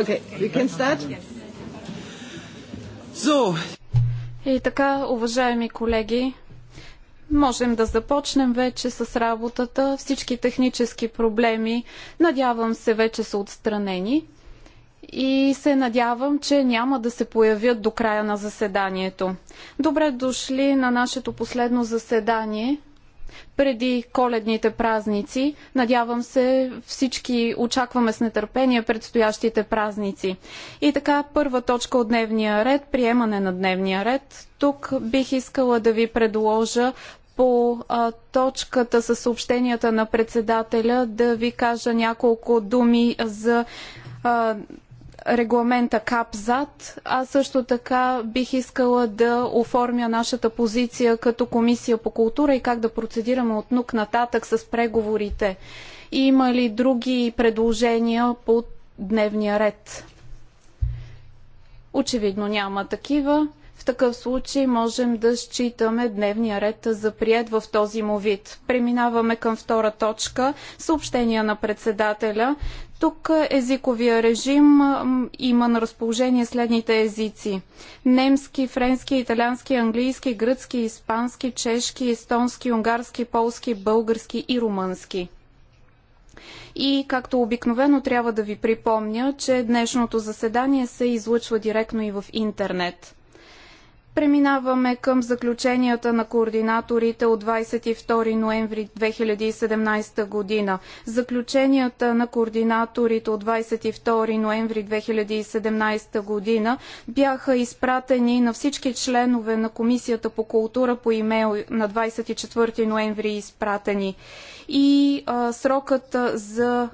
Okay, we can start? So. И така, уважаеми колеги, можем да започнем вече с работата. Всички технически проблеми, надявам се, вече са отстранени. И се надявам, че няма да се появят до края на заседанието. Добре дошли на нашето последно заседание – преди коледните празници. Надявам се всички очакваме с нетърпение предстоящите празници. И така, първа точка от дневния ред, приемане на дневния ред. Тук бих искала да ви предложа по а, точката с съобщенията на председателя да ви кажа няколко думи за а, регламента КАПЗАД. а също така бих искала да оформя нашата позиция като Комисия по култура и как да процедираме от нук нататък с преговорите. Има ли други предложения по дневния ред? Очевидно няма такива. В такъв случай можем да считаме дневния ред за прият в този му вид. Преминаваме към втора точка. Съобщения на председателя. Тук езиковия режим има на разположение следните езици. Немски, френски, италиански, английски, гръцки, испански, чешки, естонски, унгарски, полски, български и румънски. И както обикновено трябва да ви припомня, че днешното заседание се излъчва директно и в интернет. Преминаваме към заключенията на координаторите от 22 ноември 2017 година. Заключенията на координаторите от 22 ноември 2017 година бяха изпратени на всички членове на Комисията по култура по имейл на 24 ноември изпратени. И а, срокът за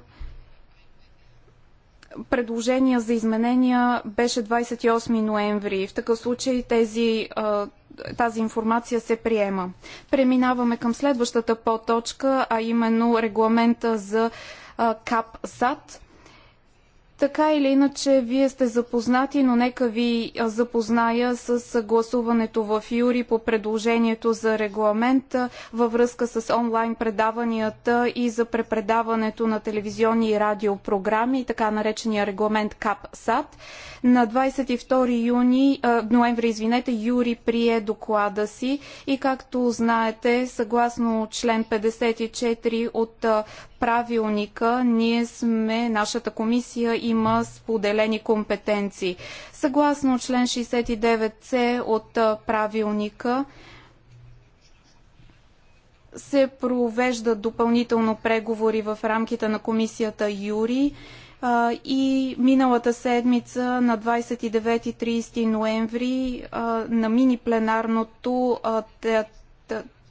предложения за изменения беше 28 ноември. В такъв случай тези тази информация се приема. Преминаваме към следващата подточка, а именно регламента за КАП-САД. Така или иначе, вие сте запознати, но нека ви запозная с гласуването в Юри по предложението за регламент във връзка с онлайн предаванията и за препредаването на телевизионни и радиопрограми, така наречения регламент КАП САД. На 22 юни, ноември, извинете, Юри прие доклада си и както знаете, съгласно член 54 от правилника, ние сме, нашата комисия и има споделени компетенции. Съгласно член 69c от правилника, се провеждат допълнително преговори в рамките на комисията Юри и миналата седмица на 29-30 ноември на мини пленарното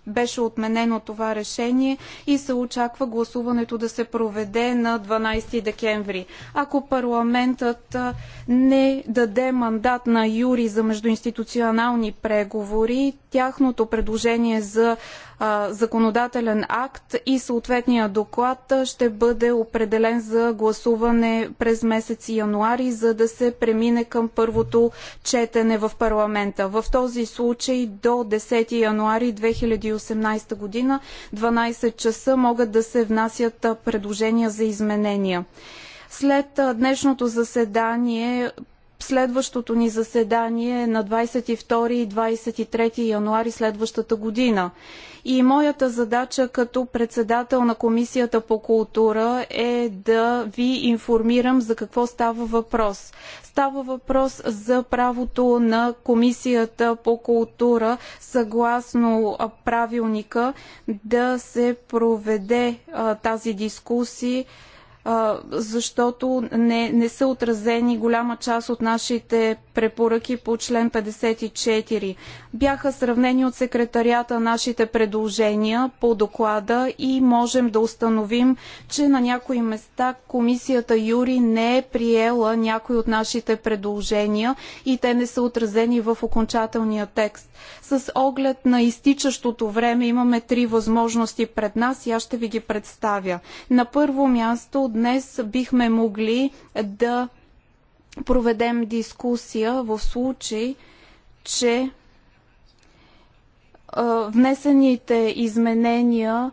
беше отменено това решение и се очаква гласуването да се проведе на 12 декември. Ако парламентът не даде мандат на Юри за междуинституционални преговори, тяхното предложение за а, законодателен акт и съответния доклад ще бъде определен за гласуване през месец януари, за да се премине към първото четене в парламента. В този случай до 10 януари 2018 година 12 часа могат да се внасят предложения за изменения. След днешното заседание Следващото ни заседание е на 22 и 23 януари следващата година. И моята задача като председател на Комисията по култура е да ви информирам за какво става въпрос. Става въпрос за правото на Комисията по култура, съгласно правилника, да се проведе а, тази дискусия защото не, не са отразени голяма част от нашите препоръки по член 54. Бяха сравнени от секретарията нашите предложения по доклада и можем да установим, че на някои места комисията Юри не е приела някои от нашите предложения и те не са отразени в окончателния текст. С оглед на изтичащото време имаме три възможности пред нас и аз ще ви ги представя. На първо място днес бихме могли да проведем дискусия в случай, че внесените изменения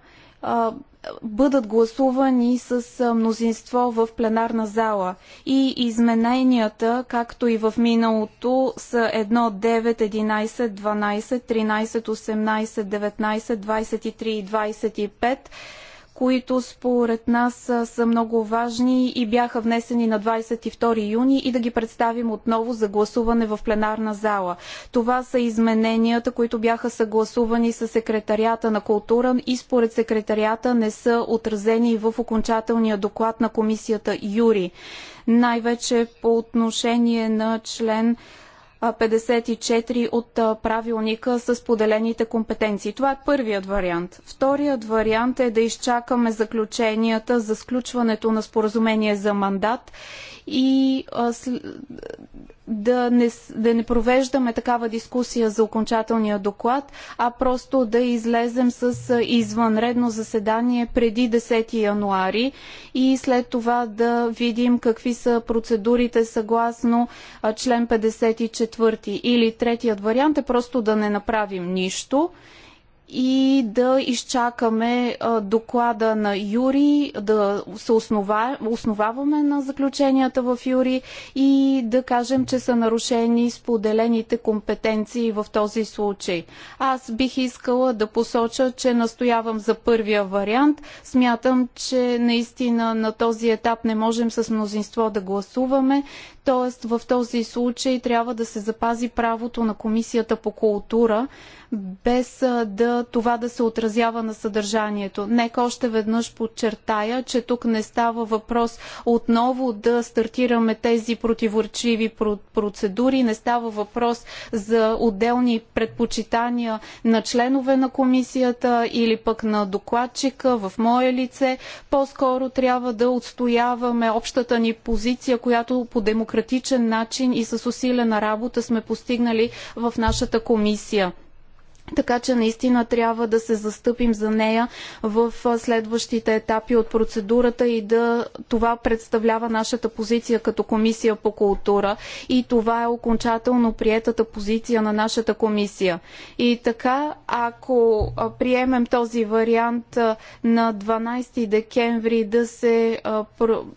бъдат гласувани с мнозинство в пленарна зала. И измененията, както и в миналото, са 1, 9, 11, 12, 13, 18, 19, 23 и 25 които според нас са много важни и бяха внесени на 22 юни и да ги представим отново за гласуване в пленарна зала. Това са измененията, които бяха съгласувани с секретарията на култура и според секретарията не са отразени в окончателния доклад на комисията Юри. Най-вече по отношение на член 54 от правилника с поделените компетенции. Това е първият вариант. Вторият вариант е да изчакаме заключенията за сключването на споразумение за мандат и да не, да не провеждаме такава дискусия за окончателния доклад, а просто да излезем с извънредно заседание преди 10 януари и след това да видим какви са процедурите съгласно член 54. Или третият вариант е просто да не направим нищо и да изчакаме доклада на Юри, да се основа, основаваме на заключенията в Юри и да кажем, че са нарушени споделените компетенции в този случай. Аз бих искала да посоча, че настоявам за първия вариант. Смятам, че наистина на този етап не можем с мнозинство да гласуваме. Тоест в този случай трябва да се запази правото на Комисията по култура, без да това да се отразява на съдържанието. Нека още веднъж подчертая, че тук не става въпрос отново да стартираме тези противоречиви процедури, не става въпрос за отделни предпочитания на членове на комисията или пък на докладчика в мое лице. По-скоро трябва да отстояваме общата ни позиция, която по демократичен демократичен начин и с усилена работа сме постигнали в нашата комисия. Така че наистина трябва да се застъпим за нея в следващите етапи от процедурата и да това представлява нашата позиция като комисия по култура и това е окончателно приетата позиция на нашата комисия. И така, ако приемем този вариант на 12 декември да се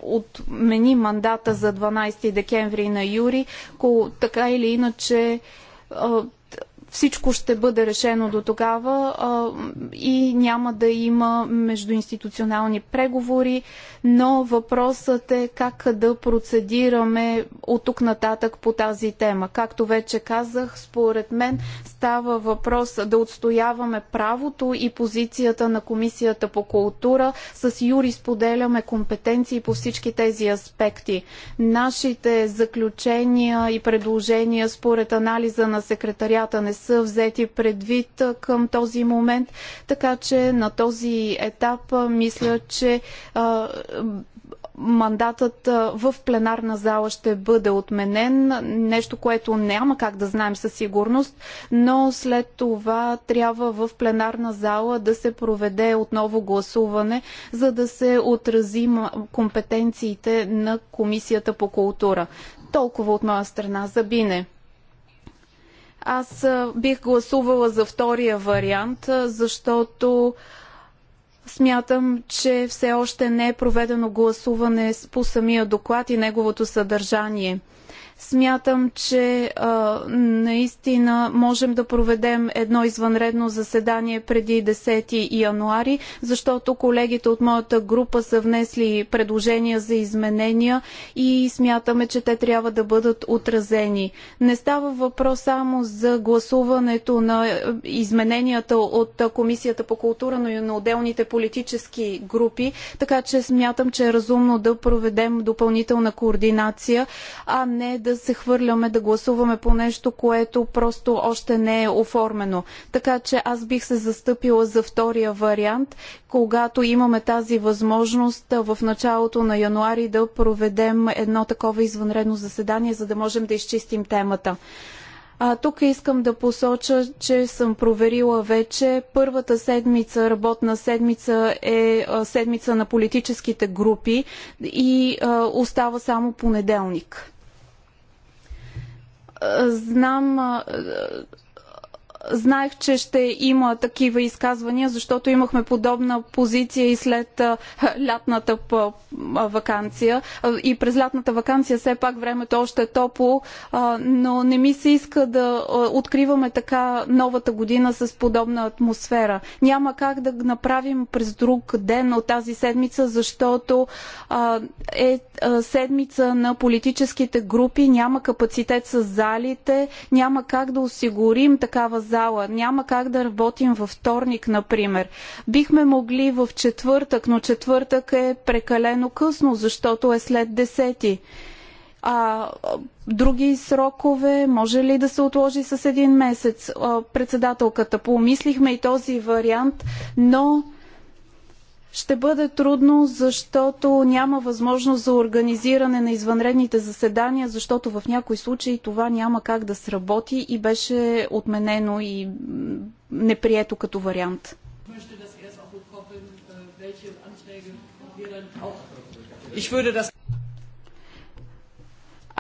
отмени мандата за 12 декември на Юри, така или иначе всичко ще бъде решено до тогава а, и няма да има междуинституционални преговори, но въпросът е как да процедираме от тук нататък по тази тема. Както вече казах, според мен става въпрос да отстояваме правото и позицията на Комисията по култура. С Юри споделяме компетенции по всички тези аспекти. Нашите заключения и предложения според анализа на секретарията не са взети предвид към този момент, така че на този етап мисля, че мандатът в пленарна зала ще бъде отменен, нещо, което няма как да знаем със сигурност, но след това трябва в пленарна зала да се проведе отново гласуване, за да се отрази компетенциите на Комисията по култура. Толкова от моя страна за Бине. Аз бих гласувала за втория вариант, защото Смятам, че все още не е проведено гласуване по самия доклад и неговото съдържание. Смятам, че а, наистина можем да проведем едно извънредно заседание преди 10 януари, защото колегите от моята група са внесли предложения за изменения и смятаме, че те трябва да бъдат отразени. Не става въпрос само за гласуването на е, измененията от Комисията по култура, но и на отделните политически групи, така че смятам, че е разумно да проведем допълнителна координация, а не да да се хвърляме да гласуваме по нещо, което просто още не е оформено. Така че аз бих се застъпила за втория вариант, когато имаме тази възможност в началото на януари да проведем едно такова извънредно заседание, за да можем да изчистим темата. А, тук искам да посоча, че съм проверила вече. Първата седмица, работна седмица е а, седмица на политическите групи и а, остава само понеделник знам Знаех, че ще има такива изказвания, защото имахме подобна позиция и след лятната ваканция. И през лятната ваканция все пак времето е още е топло, но не ми се иска да откриваме така новата година с подобна атмосфера. Няма как да направим през друг ден от тази седмица, защото е седмица на политическите групи, няма капацитет с залите, няма как да осигурим такава зала зала. Няма как да работим във вторник, например. Бихме могли в четвъртък, но четвъртък е прекалено късно, защото е след десети. А, други срокове може ли да се отложи с един месец? председателката, помислихме и този вариант, но ще бъде трудно, защото няма възможност за организиране на извънредните заседания, защото в някои случаи това няма как да сработи и беше отменено и неприето като вариант. Ich würde das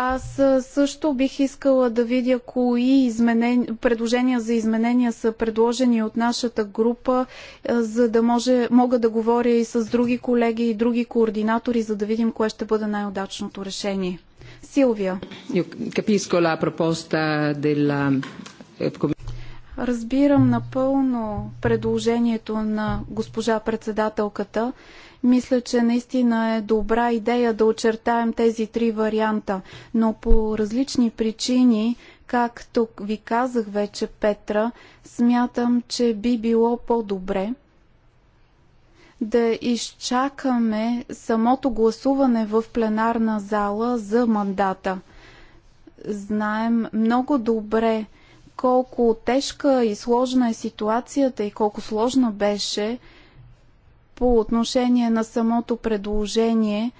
аз също бих искала да видя кои изменен... предложения за изменения са предложени от нашата група, за да може, мога да говоря и с други колеги и други координатори, за да видим кое ще бъде най-удачното решение. Силвия. Eh, Разбирам напълно предложението на госпожа председателката. Мисля, че наистина е добра идея да очертаем тези три варианта, но по различни причини, както ви казах вече, Петра, смятам, че би било по-добре да изчакаме самото гласуване в пленарна зала за мандата. Знаем много добре колко тежка и сложна е ситуацията и колко сложна беше по отношение на самото предложение,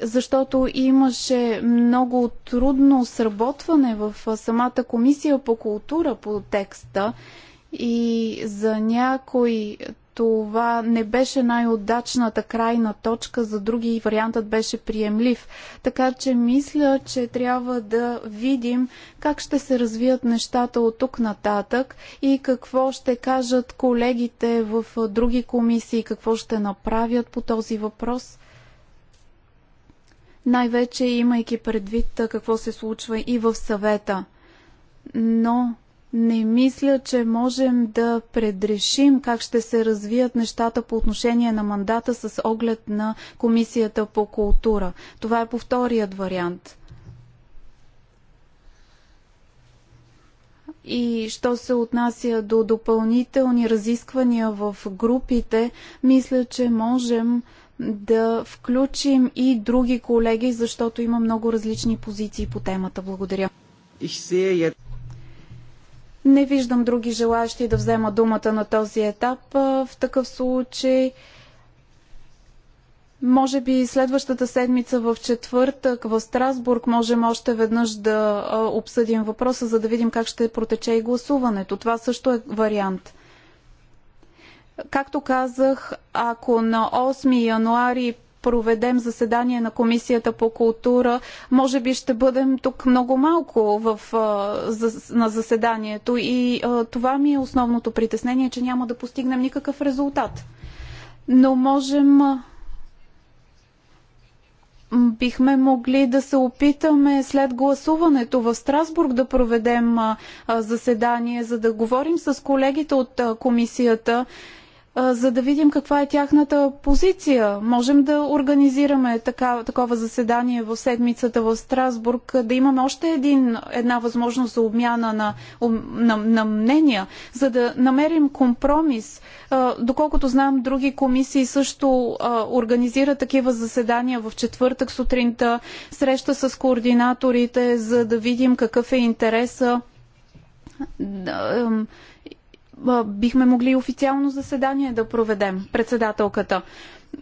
защото имаше много трудно сработване в самата комисия по култура по текста и за някои това не беше най-удачната крайна точка, за други вариантът беше приемлив. Така че мисля, че трябва да видим как ще се развият нещата от тук нататък и какво ще кажат колегите в други комисии, какво ще направят по този въпрос. Най-вече имайки предвид какво се случва и в съвета. Но не мисля, че можем да предрешим как ще се развият нещата по отношение на мандата с оглед на Комисията по култура. Това е по вторият вариант. И що се отнася до допълнителни разисквания в групите, мисля, че можем да включим и други колеги, защото има много различни позиции по темата. Благодаря. Не виждам други желащи да взема думата на този етап. В такъв случай, може би следващата седмица в четвъртък в Страсбург можем още веднъж да обсъдим въпроса, за да видим как ще протече и гласуването. Това също е вариант. Както казах, ако на 8 януари проведем заседание на Комисията по култура, може би ще бъдем тук много малко в, на заседанието и това ми е основното притеснение, че няма да постигнем никакъв резултат. Но можем бихме могли да се опитаме след гласуването в Страсбург да проведем заседание, за да говорим с колегите от комисията за да видим каква е тяхната позиция. Можем да организираме така, такова заседание в седмицата в Страсбург, да имаме още един, една възможност за обмяна на, на, на мнения, за да намерим компромис. Доколкото знам, други комисии също организират такива заседания в четвъртък сутринта, среща с координаторите, за да видим какъв е интереса бихме могли официално заседание да проведем, председателката.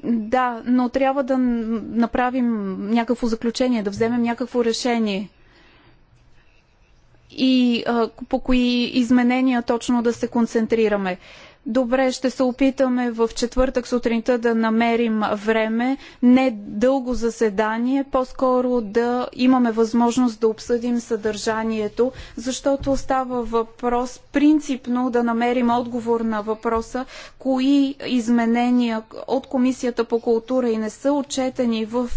Да, но трябва да направим някакво заключение, да вземем някакво решение. И а, по кои изменения точно да се концентрираме. Добре, ще се опитаме в четвъртък сутринта да намерим време, не дълго заседание, по-скоро да имаме възможност да обсъдим съдържанието, защото става въпрос принципно да намерим отговор на въпроса, кои изменения от Комисията по култура и не са отчетени в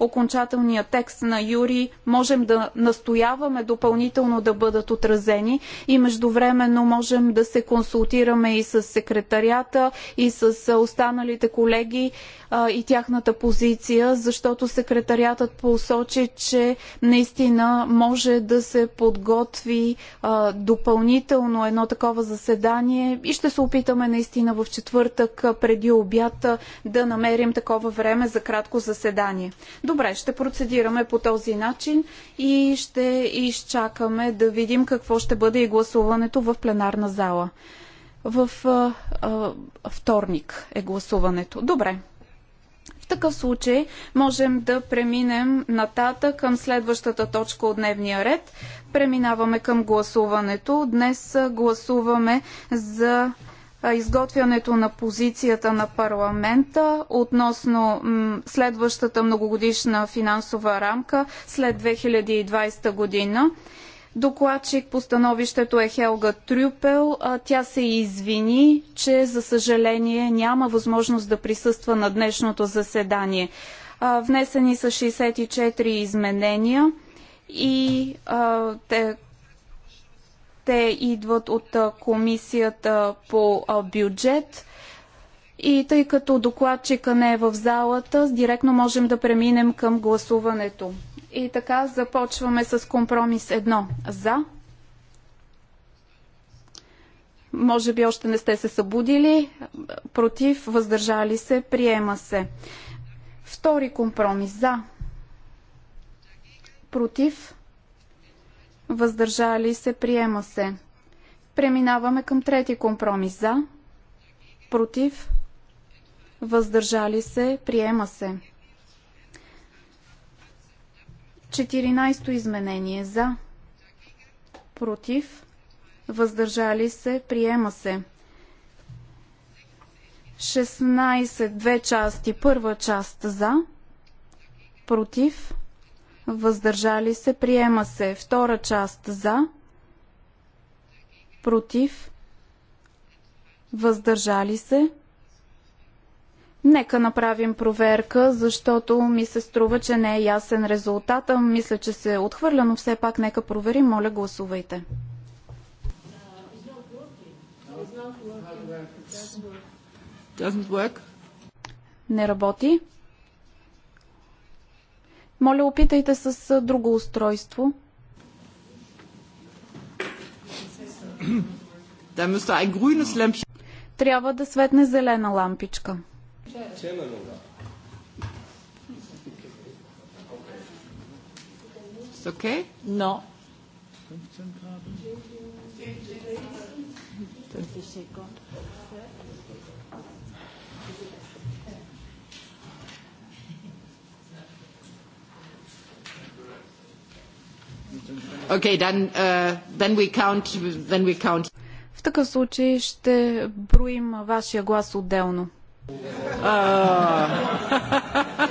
окончателния текст на Юри, можем да настояваме допълнително да бъдат отразени и междувременно можем да се консултираме и с секретарията и с останалите колеги и тяхната позиция, защото секретариатът посочи, че наистина може да се подготви допълнително едно такова заседание и ще се опитаме наистина в четвъртък преди обяд да намерим такова време за кратко заседание. Добре, ще процедираме по този начин и ще изчакаме да видим какво ще бъде и гласуването в пленарна зала в а, а, вторник е гласуването. Добре. В такъв случай можем да преминем нататък към следващата точка от дневния ред. Преминаваме към гласуването. Днес гласуваме за изготвянето на позицията на парламента относно следващата многогодишна финансова рамка след 2020 година. Докладчик по становището е Хелга Трюпел. Тя се извини, че за съжаление няма възможност да присъства на днешното заседание. Внесени са 64 изменения и те, те идват от комисията по бюджет. И тъй като докладчика не е в залата, директно можем да преминем към гласуването. И така започваме с компромис 1. За. Може би още не сте се събудили. Против, въздържали се, приема се. Втори компромис. За. Против, въздържали се, приема се. Преминаваме към трети компромис. За. Против, въздържали се, приема се. 14 изменение за, против, въздържали се, приема се. 16, две части, първа част за, против, въздържали се, приема се. Втора част за, против, въздържали се, Нека направим проверка, защото ми се струва, че не е ясен резултата. Мисля, че се е отхвърля, но все пак нека проверим. Моля, гласувайте. Не работи. Моля, опитайте с друго устройство. Е Трябва да светне зелена лампичка. It's okay? No. Okay, then, uh, then we count, then we count. В такъв случай ще броим вашия глас отделно. Uh...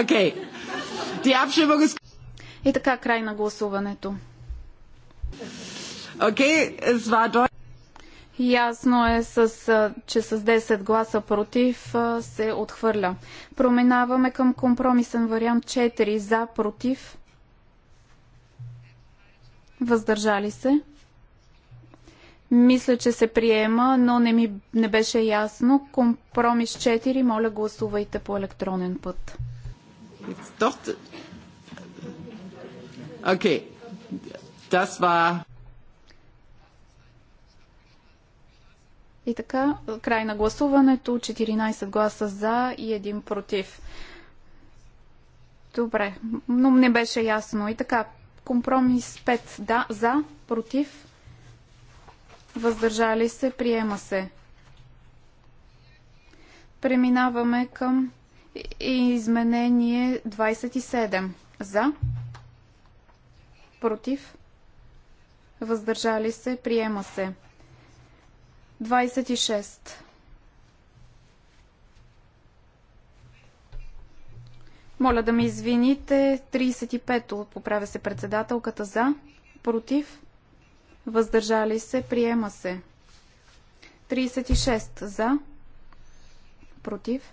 Okay. Is... И така, край на гласуването. Okay, es war Ясно е, с, че с 10 гласа против се отхвърля. Проминаваме към компромисен вариант 4 за против. Въздържали се. Мисля, че се приема, но не ми не беше ясно. Компромис 4, моля гласувайте по електронен път. Jetzt doch. Okay, das war. И така, край на гласуването, 14 гласа за и един против. Добре, но не беше ясно. И така, компромис 5 да, за, против, въздържали се, приема се. Преминаваме към и Изменение 27. За. Против. Въздържали се. Приема се. 26. Моля да ме извините. 35-то поправя се председателката за. Против. Въздържали се. Приема се. 36 за. Против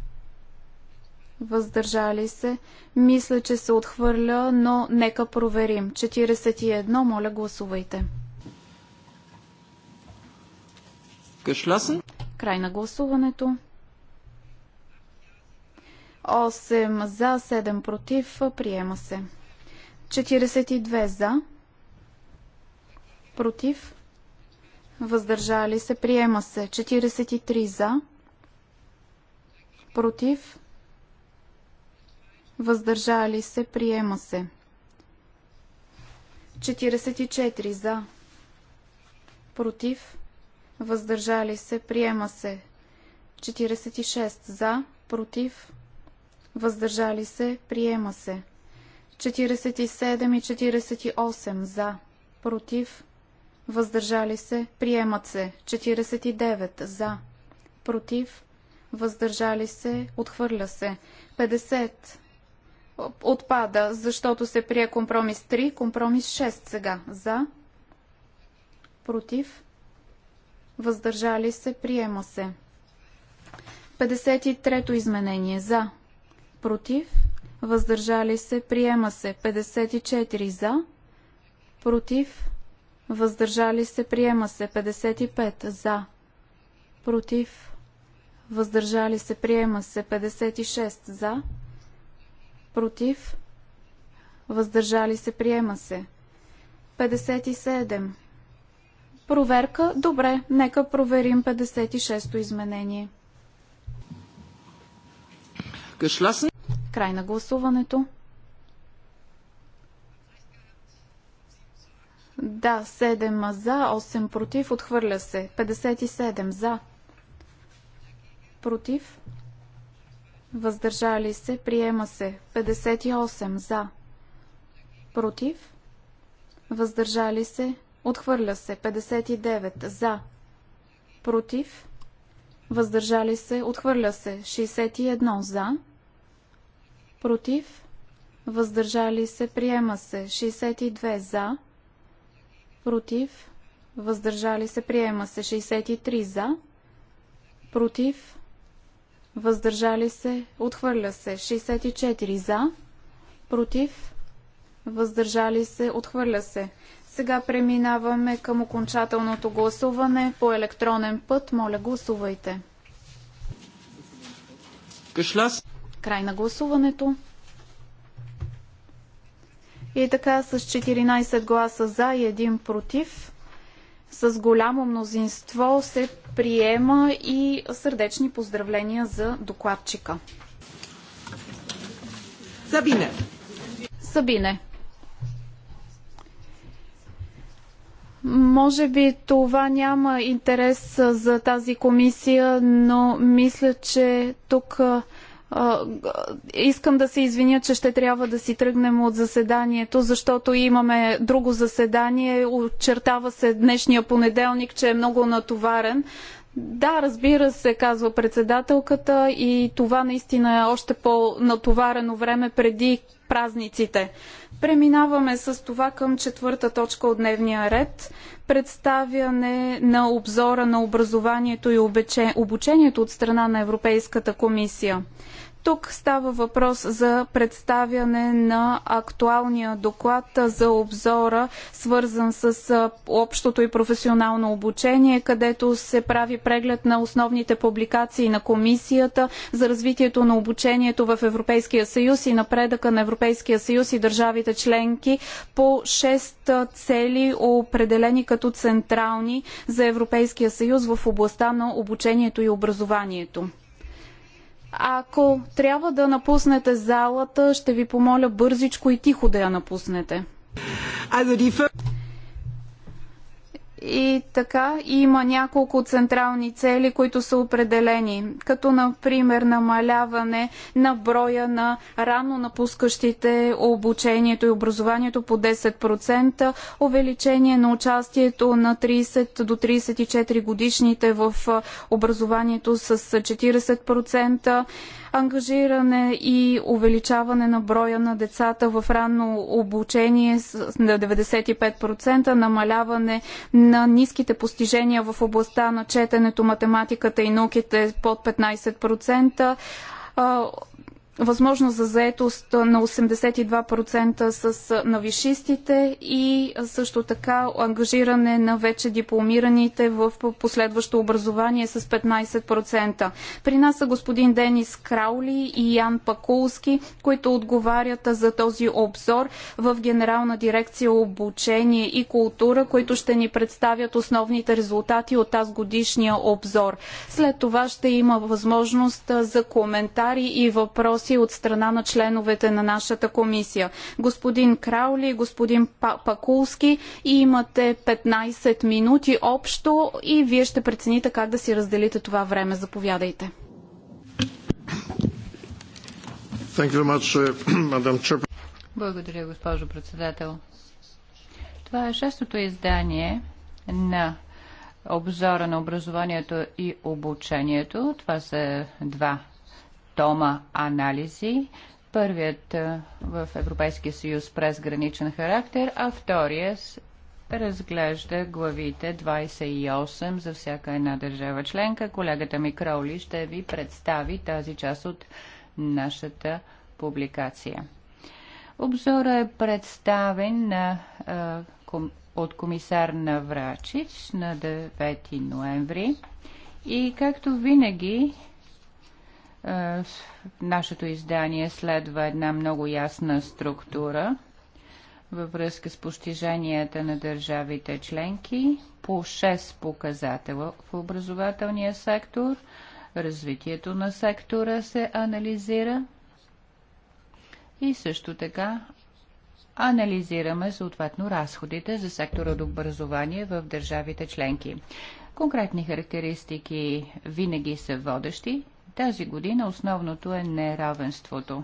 въздържали се. Мисля, че се отхвърля, но нека проверим. 41, моля гласувайте. Geschlossen. Край на гласуването. 8 за, 7 против, приема се. 42 за, против, въздържали се, приема се. 43 за, против, въздържали се, приема се. 44 за, против, въздържали се, приема се. 46 за, против, въздържали се, приема се. 47 и 48 за, против, въздържали се, приемат се. 49 за, против, въздържали се, отхвърля се. 50 отпада, защото се прие компромис 3, компромис 6 сега. За, против, въздържали се, приема се. 53-то изменение. За, против, въздържали се, приема се. 54 за, против, въздържали се, приема се. 55 за, против, въздържали се, приема се. 56 за, против, против, въздържали се, приема се. 57. Проверка? Добре, нека проверим 56-то изменение. Geschlossen. Край на гласуването. Да, 7 за, 8 против, отхвърля се. 57 за. Против, въздържали се, приема се. 58 за, против, въздържали се, отхвърля се. 59 за, против, въздържали се, отхвърля се. 61 за, против, въздържали се, приема се. 62 за, против, въздържали се, приема се. 63 за, против, въздържали се, отхвърля се. 64 за, против, въздържали се, отхвърля се. Сега преминаваме към окончателното гласуване по електронен път. Моля, гласувайте. Кашлас. Край на гласуването. И така с 14 гласа за и 1 против с голямо мнозинство се приема и сърдечни поздравления за докладчика. Сабине. Сабине. Може би това няма интерес за тази комисия, но мисля, че тук Искам да се извиня, че ще трябва да си тръгнем от заседанието, защото имаме друго заседание. Очертава се днешния понеделник, че е много натоварен. Да, разбира се, казва председателката и това наистина е още по-натоварено време преди празниците. Преминаваме с това към четвърта точка от дневния ред представяне на обзора на образованието и обучението от страна на Европейската комисия. Тук става въпрос за представяне на актуалния доклад за обзора, свързан с общото и професионално обучение, където се прави преглед на основните публикации на Комисията за развитието на обучението в Европейския съюз и напредъка на Европейския съюз и държавите членки по шест цели, определени като централни за Европейския съюз в областта на обучението и образованието. Ако трябва да напуснете залата, ще ви помоля бързичко и тихо да я напуснете. И така има няколко централни цели, които са определени, като например намаляване на броя на рано напускащите обучението и образованието по 10%, увеличение на участието на 30 до 34 годишните в образованието с 40%, ангажиране и увеличаване на броя на децата в ранно обучение на 95%, намаляване на ниските постижения в областта на четенето, математиката и науките под 15%, възможност за заетост на 82% с навишистите и също така ангажиране на вече дипломираните в последващо образование с 15%. При нас са господин Денис Краули и Ян Пакулски, които отговарят за този обзор в Генерална дирекция обучение и култура, които ще ни представят основните резултати от тази годишния обзор. След това ще има възможност за коментари и въпроси въпроси от страна на членовете на нашата комисия. Господин Краули, господин Пакулски имате 15 минути общо и вие ще прецените как да си разделите това време. Заповядайте. Uh, Благодаря, госпожо председател. Това е шестото издание на обзора на образованието и обучението. Това са два тома анализи. Първият е, в Европейския съюз през граничен характер, а вторият разглежда главите 28 за всяка една държава членка. Колегата ми Кроули ще ви представи тази част от нашата публикация. Обзорът е представен на, а, е, ком, от комисар Наврачич на 9 ноември и както винаги е, нашето издание следва една много ясна структура във връзка с постиженията на държавите членки по 6 показателя в образователния сектор. Развитието на сектора се анализира и също така анализираме съответно разходите за сектора до образование в държавите членки. Конкретни характеристики винаги са водещи тази година основното е неравенството.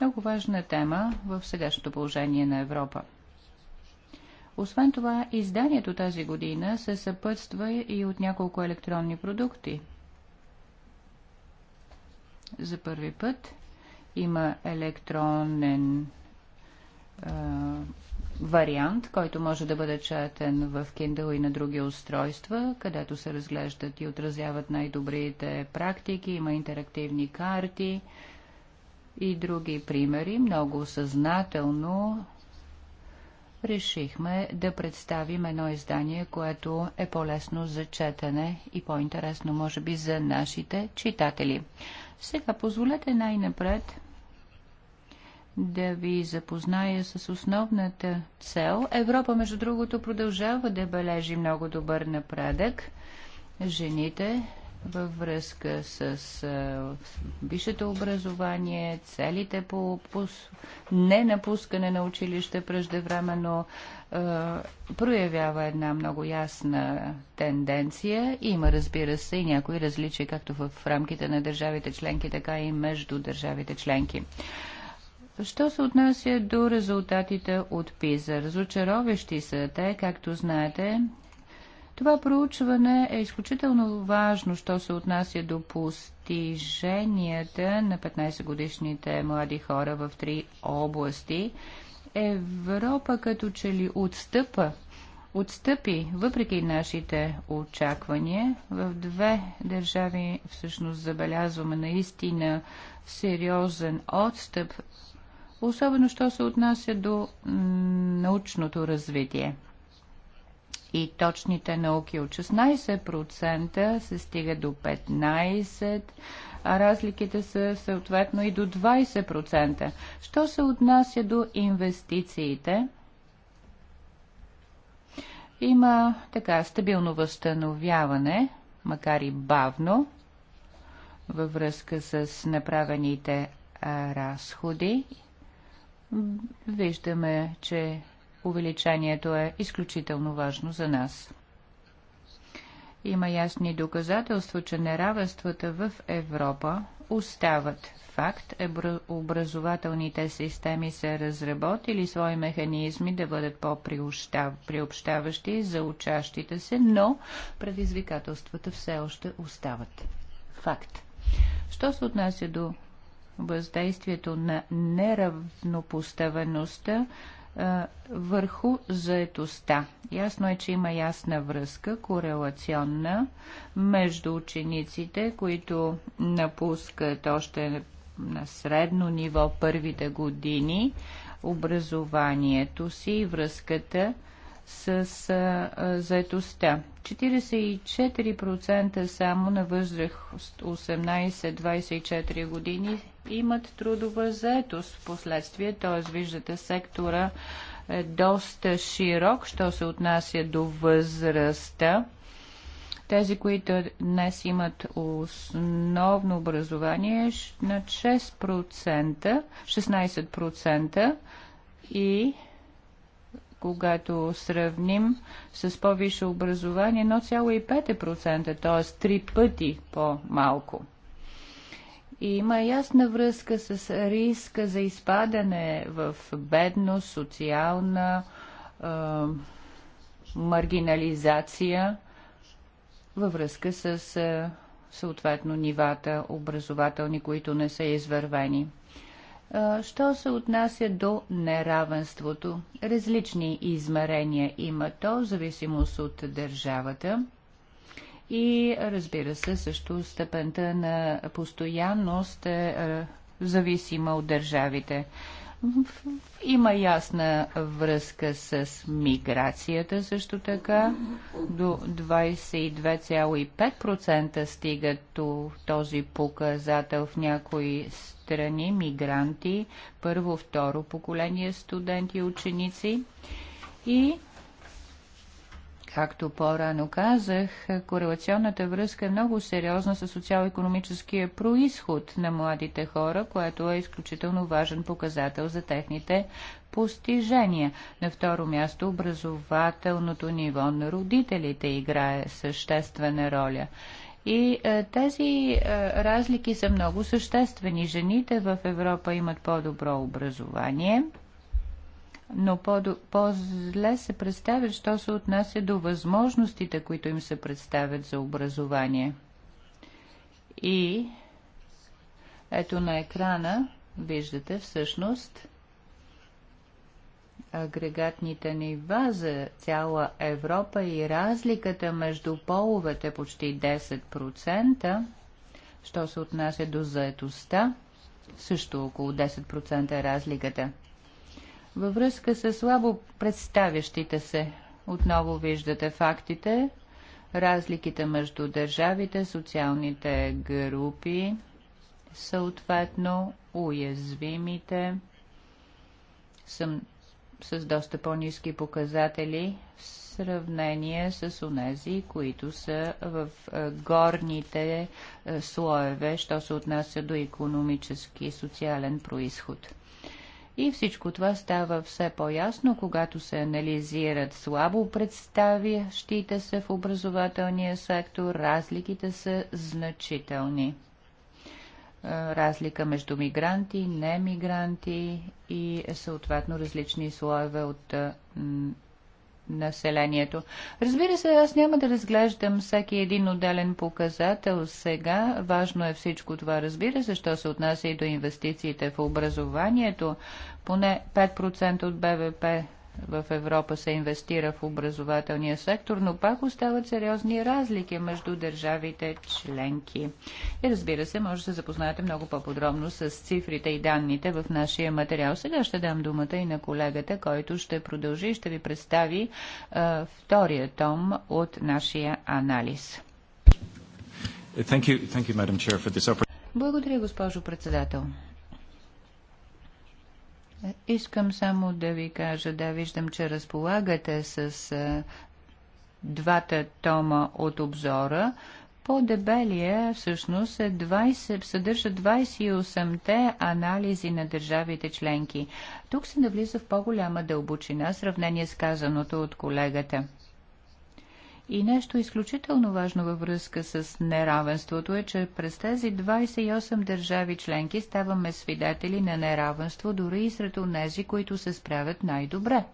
Много важна тема в сегашното положение на Европа. Освен това, изданието тази година се съпътства и от няколко електронни продукти. За първи път има електронен вариант, който може да бъде четен в Kindle и на други устройства, където се разглеждат и отразяват най-добрите практики, има интерактивни карти и други примери. Много съзнателно решихме да представим едно издание, което е по-лесно за четене и по-интересно, може би, за нашите читатели. Сега позволете най-напред да ви запозная с основната цел. Европа, между другото, продължава да бележи много добър напредък. Жените във връзка с висшето образование, целите по по не напускане на училище преждевременно е, проявява една много ясна тенденция. Има, разбира се, и някои различия, както в рамките на държавите членки, така и между държавите членки. Що се отнася до резултатите от ПИЗА? Разочаровещи са те, както знаете. Това проучване е изключително важно, що се отнася до постиженията на 15-годишните млади хора в три области. Европа като че ли отстъпа, отстъпи, въпреки нашите очаквания. В две държави всъщност забелязваме наистина сериозен отстъп особено що се отнася до научното развитие и точните науки от 16% се стига до 15%, а разликите са съответно и до 20%. Що се отнася до инвестициите? Има така стабилно възстановяване, макар и бавно, във връзка с направените разходи виждаме, че увеличението е изключително важно за нас. Има ясни доказателства, че неравенствата в Европа остават факт. Образователните системи са разработили свои механизми да бъдат по-приобщаващи за учащите се, но предизвикателствата все още остават факт. Що се отнася до въздействието на неравнопоставеността върху заетостта. Ясно е, че има ясна връзка, корелационна, между учениците, които напускат още на средно ниво първите години образованието си и връзката с заетостта. 44% само на възраст 18-24 години имат трудова заетост в последствие, т.е. виждате сектора е доста широк, що се отнася до възрастта. Тези, които днес имат основно образование на 6%, 16% и когато сравним с по-висше образование 1,5%, т.е. три пъти по-малко. И има ясна връзка с риска за изпадане в бедност, социална е, маргинализация във връзка с е, съответно нивата образователни, които не са извървени. Що се отнася до неравенството? Различни измерения има то, в зависимост от държавата и разбира се също степента на постоянност е зависима от държавите. Има ясна връзка с миграцията също така. До 22,5% стига този показател в някои страни мигранти, първо, второ поколение студенти и ученици. И Както по-рано казах, корелационната връзка е много сериозна с социал-економическия происход на младите хора, което е изключително важен показател за техните постижения. На второ място образователното ниво на родителите играе съществена роля. И е, тези е, разлики са много съществени. Жените в Европа имат по-добро образование – но по-зле се представят, що се отнася до възможностите, които им се представят за образование. И ето на екрана виждате всъщност агрегатните нива за цяла Европа и разликата между половете почти 10%, що се отнася до заетостта, също около 10% е разликата – във връзка с слабо представящите се, отново виждате фактите, разликите между държавите, социалните групи, съответно уязвимите съм с доста по-низки показатели в сравнение с онези, които са в горните слоеве, що се отнася до економически и социален происход. И всичко това става все по-ясно, когато се анализират слабо представящите се в образователния сектор, разликите са значителни е, разлика между мигранти, немигранти и е, съответно различни слоеве от населението. Разбира се, аз няма да разглеждам всеки един отделен показател сега. Важно е всичко това, разбира се, що се отнася и до инвестициите в образованието. Поне 5% от БВП в Европа се инвестира в образователния сектор, но пак остават сериозни разлики между държавите членки. И разбира се, може да се запознаете много по-подробно с цифрите и данните в нашия материал. Сега ще дам думата и на колегата, който ще продължи и ще ви представи а, втория том от нашия анализ. Thank you, thank you, Madam Chair, for this Благодаря, госпожо председател. Искам само да ви кажа, да, виждам, че разполагате с двата тома от обзора. По-дебелия всъщност 20, е съдържа 28-те анализи на държавите членки. Тук се навлиза в по-голяма дълбочина в сравнение с казаното от колегата. И нещо изключително важно във връзка с неравенството е, че през тези 28 държави членки ставаме свидетели на неравенство дори и сред онези, които се справят най-добре.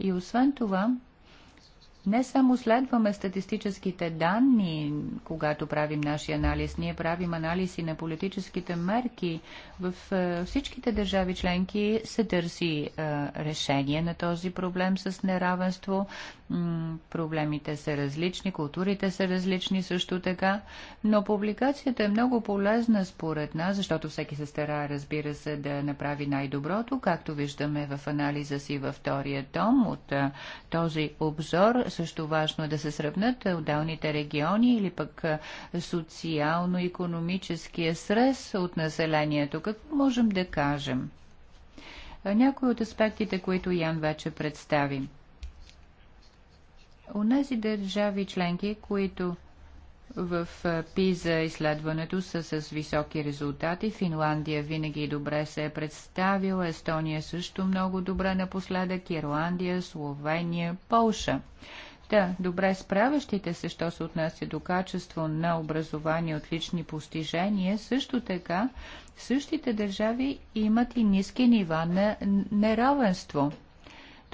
И освен това, не само следваме статистическите данни, когато правим нашия анализ, ние правим анализи на политическите мерки. В е, всичките държави членки се търси е, решение на този проблем с неравенство проблемите са различни, културите са различни също така, но публикацията е много полезна според нас, защото всеки се стара, разбира се, да направи най-доброто, както виждаме в анализа си във втория том от този обзор. Също важно е да се сравнат отдалните региони или пък социално-економическия срез от населението. Какво можем да кажем? Някои от аспектите, които Ян вече представи. Унези държави членки, които в ПИЗа изследването са с високи резултати. Финландия винаги добре се е представила, Естония също много добре напоследък, Ирландия, Словения, Полша. Да, добре справящите се, що се отнася до качество на образование, отлични постижения, също така същите държави имат и ниски нива на неравенство –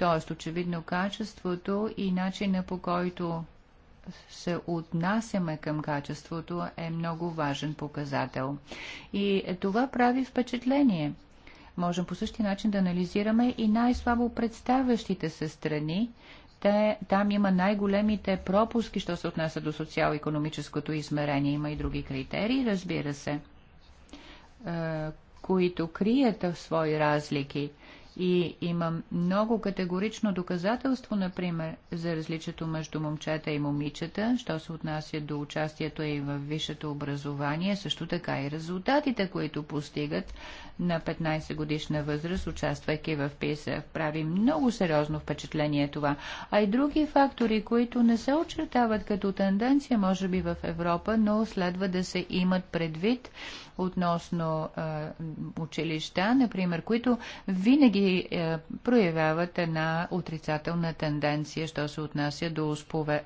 Тоест, очевидно, качеството и начина по който се отнасяме към качеството е много важен показател. И това прави впечатление. Можем по същия начин да анализираме и най-слабо представящите се страни. Те, там има най-големите пропуски, що се отнася до социал-економическото измерение. Има и други критерии, разбира се, е, които крият в свои разлики и имам много категорично доказателство, например, за различието между момчета и момичета, що се отнася до участието и в висшето образование, също така и резултатите, които постигат на 15 годишна възраст, участвайки в ПИСА. Прави много сериозно впечатление това. А и други фактори, които не се очертават като тенденция, може би в Европа, но следва да се имат предвид относно а, училища, например, които винаги а, проявяват една отрицателна тенденция, що се отнася до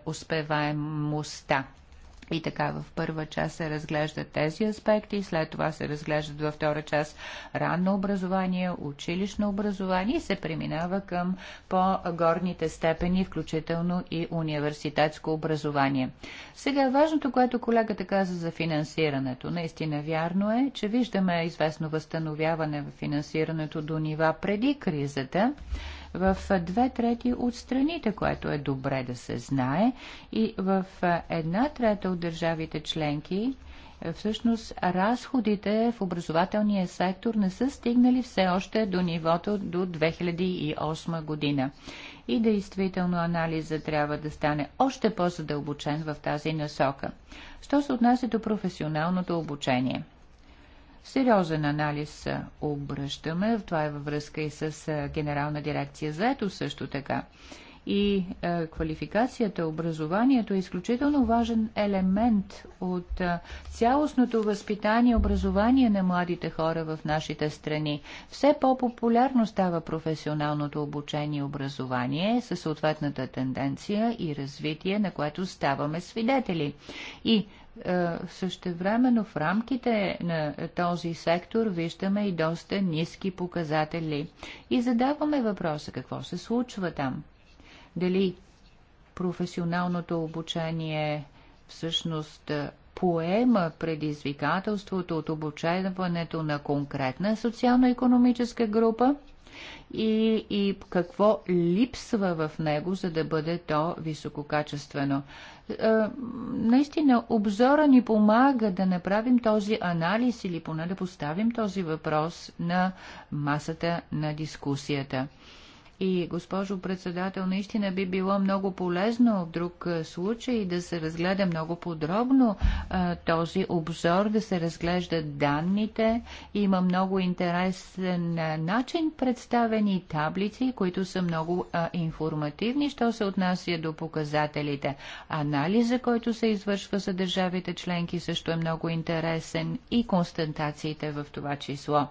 успеваемостта. И така в първа част се разглеждат тези аспекти, след това се разглеждат във втора част ранно образование, училищно образование и се преминава към по-горните степени, включително и университетско образование. Сега важното, което колегата каза за финансирането. Наистина вярно е, че виждаме известно възстановяване в финансирането до нива преди кризата в две трети от страните, което е добре да се знае, и в една трета от държавите членки е, всъщност разходите в образователния сектор не са стигнали все още до нивото до 2008 година. И действително анализа трябва да стане още по-задълбочен в тази насока. Що се отнася до професионалното обучение – Сериозен анализ обръщаме, това е във връзка и с Генерална дирекция заето също така. И е, квалификацията, образованието е изключително важен елемент от е, цялостното възпитание и образование на младите хора в нашите страни. Все по-популярно става професионалното обучение и образование със съответната тенденция и развитие, на което ставаме свидетели. И е, същевременно в рамките на този сектор виждаме и доста ниски показатели. И задаваме въпроса какво се случва там. Дали професионалното обучение всъщност поема предизвикателството от обучаването на конкретна социално-економическа група – и, и какво липсва в него, за да бъде то висококачествено. Е, наистина, обзора ни помага да направим този анализ или поне да поставим този въпрос на масата на дискусията. И, госпожо председател, наистина би било много полезно в друг случай да се разгледа много подробно а, този обзор, да се разглеждат данните. Има много интересен начин представени таблици, които са много а, информативни, що се отнася до показателите. Анализа, който се извършва за държавите членки, също е много интересен и констатациите в това число.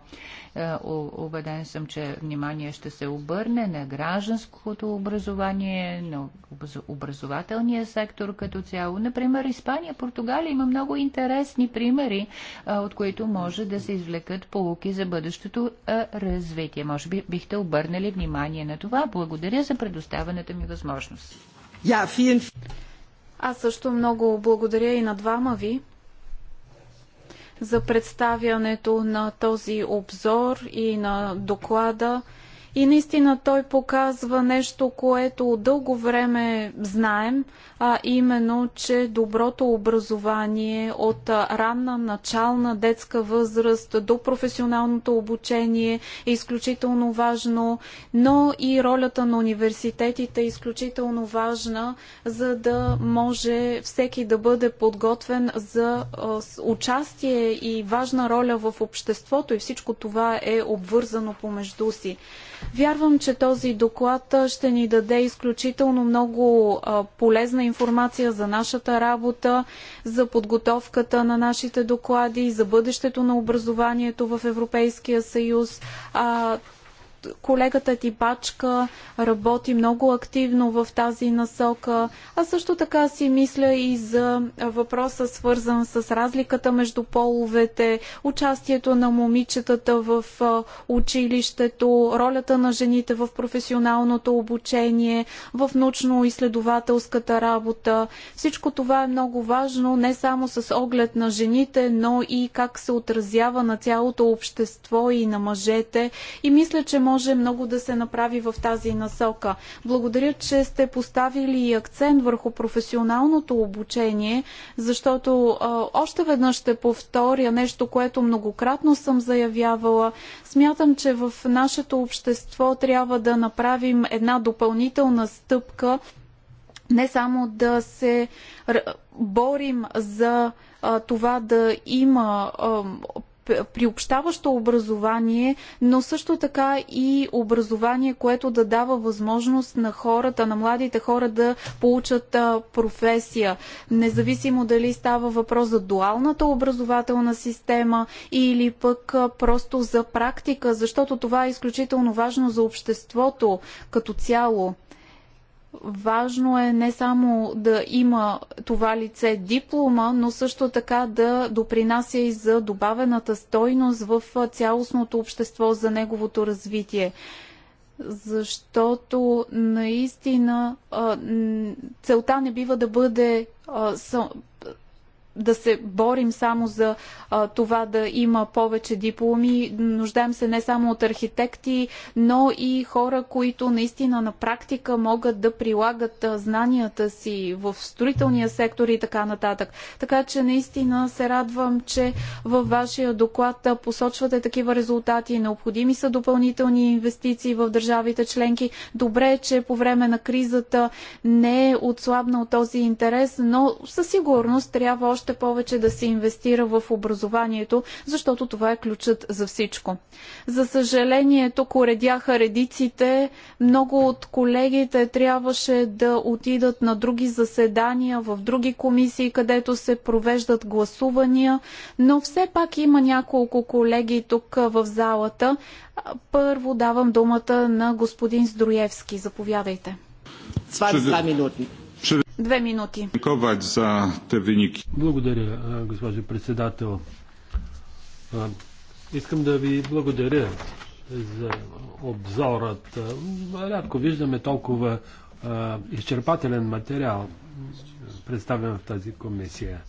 Убеден съм, че внимание ще се обърне на гражданското образование, на образователния сектор като цяло. Например, Испания, Португалия има много интересни примери, от които може да се извлекат полуки за бъдещото развитие. Може би бихте обърнали внимание на това. Благодаря за предоставената ми възможност. Аз също много благодаря и на двама ви за представянето на този обзор и на доклада. И наистина той показва нещо, което от дълго време знаем, а именно, че доброто образование от ранна начална детска възраст до професионалното обучение е изключително важно, но и ролята на университетите е изключително важна, за да може всеки да бъде подготвен за участие и важна роля в обществото и всичко това е обвързано помежду си. Вярвам, че този доклад ще ни даде изключително много полезна информация за нашата работа, за подготовката на нашите доклади, за бъдещето на образованието в Европейския съюз. Колегата Тибачка работи много активно в тази насока, а също така си мисля и за въпроса свързан с разликата между половете, участието на момичетата в училището, ролята на жените в професионалното обучение, в научно-изследователската работа. Всичко това е много важно не само с оглед на жените, но и как се отразява на цялото общество и на мъжете. И мисля, че може може много да се направи в тази насока. Благодаря, че сте поставили акцент върху професионалното обучение, защото а, още веднъж ще повторя нещо, което многократно съм заявявала. Смятам, че в нашето общество трябва да направим една допълнителна стъпка, не само да се борим за това да има приобщаващо образование, но също така и образование, което да дава възможност на хората, на младите хора да получат професия. Независимо дали става въпрос за дуалната образователна система или пък просто за практика, защото това е изключително важно за обществото като цяло. Важно е не само да има това лице диплома, но също така да допринася и за добавената стойност в цялостното общество за неговото развитие защото наистина целта не бива да бъде да се борим само за а, това да има повече дипломи. Нуждаем се не само от архитекти, но и хора, които наистина на практика могат да прилагат а, знанията си в строителния сектор и така нататък. Така че наистина се радвам, че във вашия доклад посочвате такива резултати. Необходими са допълнителни инвестиции в държавите членки. Добре е, че по време на кризата не е отслабнал този интерес, но със сигурност трябва още още повече да се инвестира в образованието, защото това е ключът за всичко. За съжаление, тук уредяха редиците. Много от колегите трябваше да отидат на други заседания, в други комисии, където се провеждат гласувания, но все пак има няколко колеги тук в залата. Първо давам думата на господин Здроевски. Заповядайте. 20 минути. Две минути. за виники. Благодаря, госпожо председател. Искам да ви благодаря за обзорът. Рядко виждаме толкова изчерпателен материал, представен в тази комисия.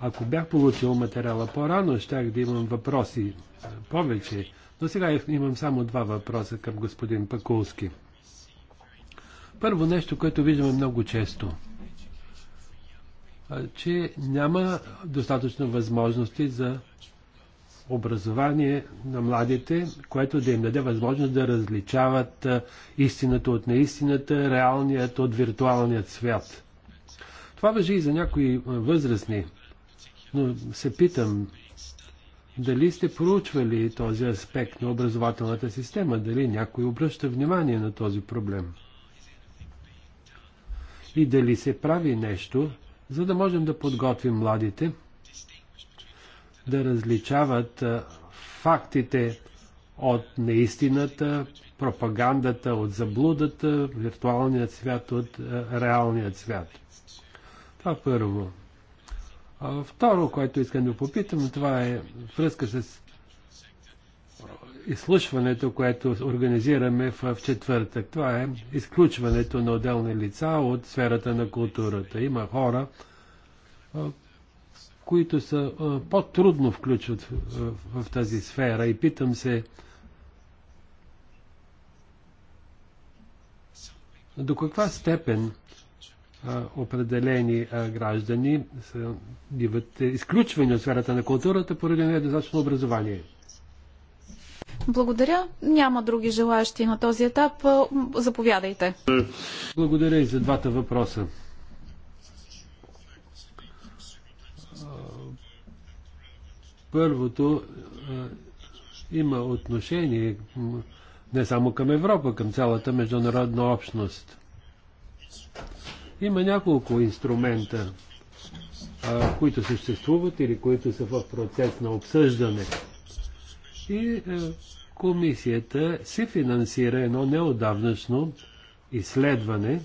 Ако бях получил материала по-рано, щях да имам въпроси повече, но сега имам само два въпроса към господин Пакулски. Първо нещо, което виждаме много често, че няма достатъчно възможности за образование на младите, което да им даде възможност да различават истината от неистината, реалният от виртуалният свят. Това въжи и за някои възрастни, но се питам, дали сте проучвали този аспект на образователната система, дали някой обръща внимание на този проблем и дали се прави нещо, за да можем да подготвим младите да различават фактите от неистината, пропагандата от заблудата, виртуалният свят от реалният свят. Това първо. Второ, което искам да попитам, това е връзка с изслушването, което организираме в четвъртък. Това е изключването на отделни лица от сферата на културата. Има хора, които са по-трудно включват в, тази сфера и питам се до каква степен определени граждани са, биват изключвани от сферата на културата поради недостатъчно образование. Благодаря. Няма други желаящи на този етап. Е, заповядайте. Благодаря и за двата въпроса. Първото е, има отношение не само към Европа, към цялата международна общност. Има няколко инструмента, е, които съществуват или които са в процес на обсъждане – и е, комисията се финансира едно неодавнашно изследване,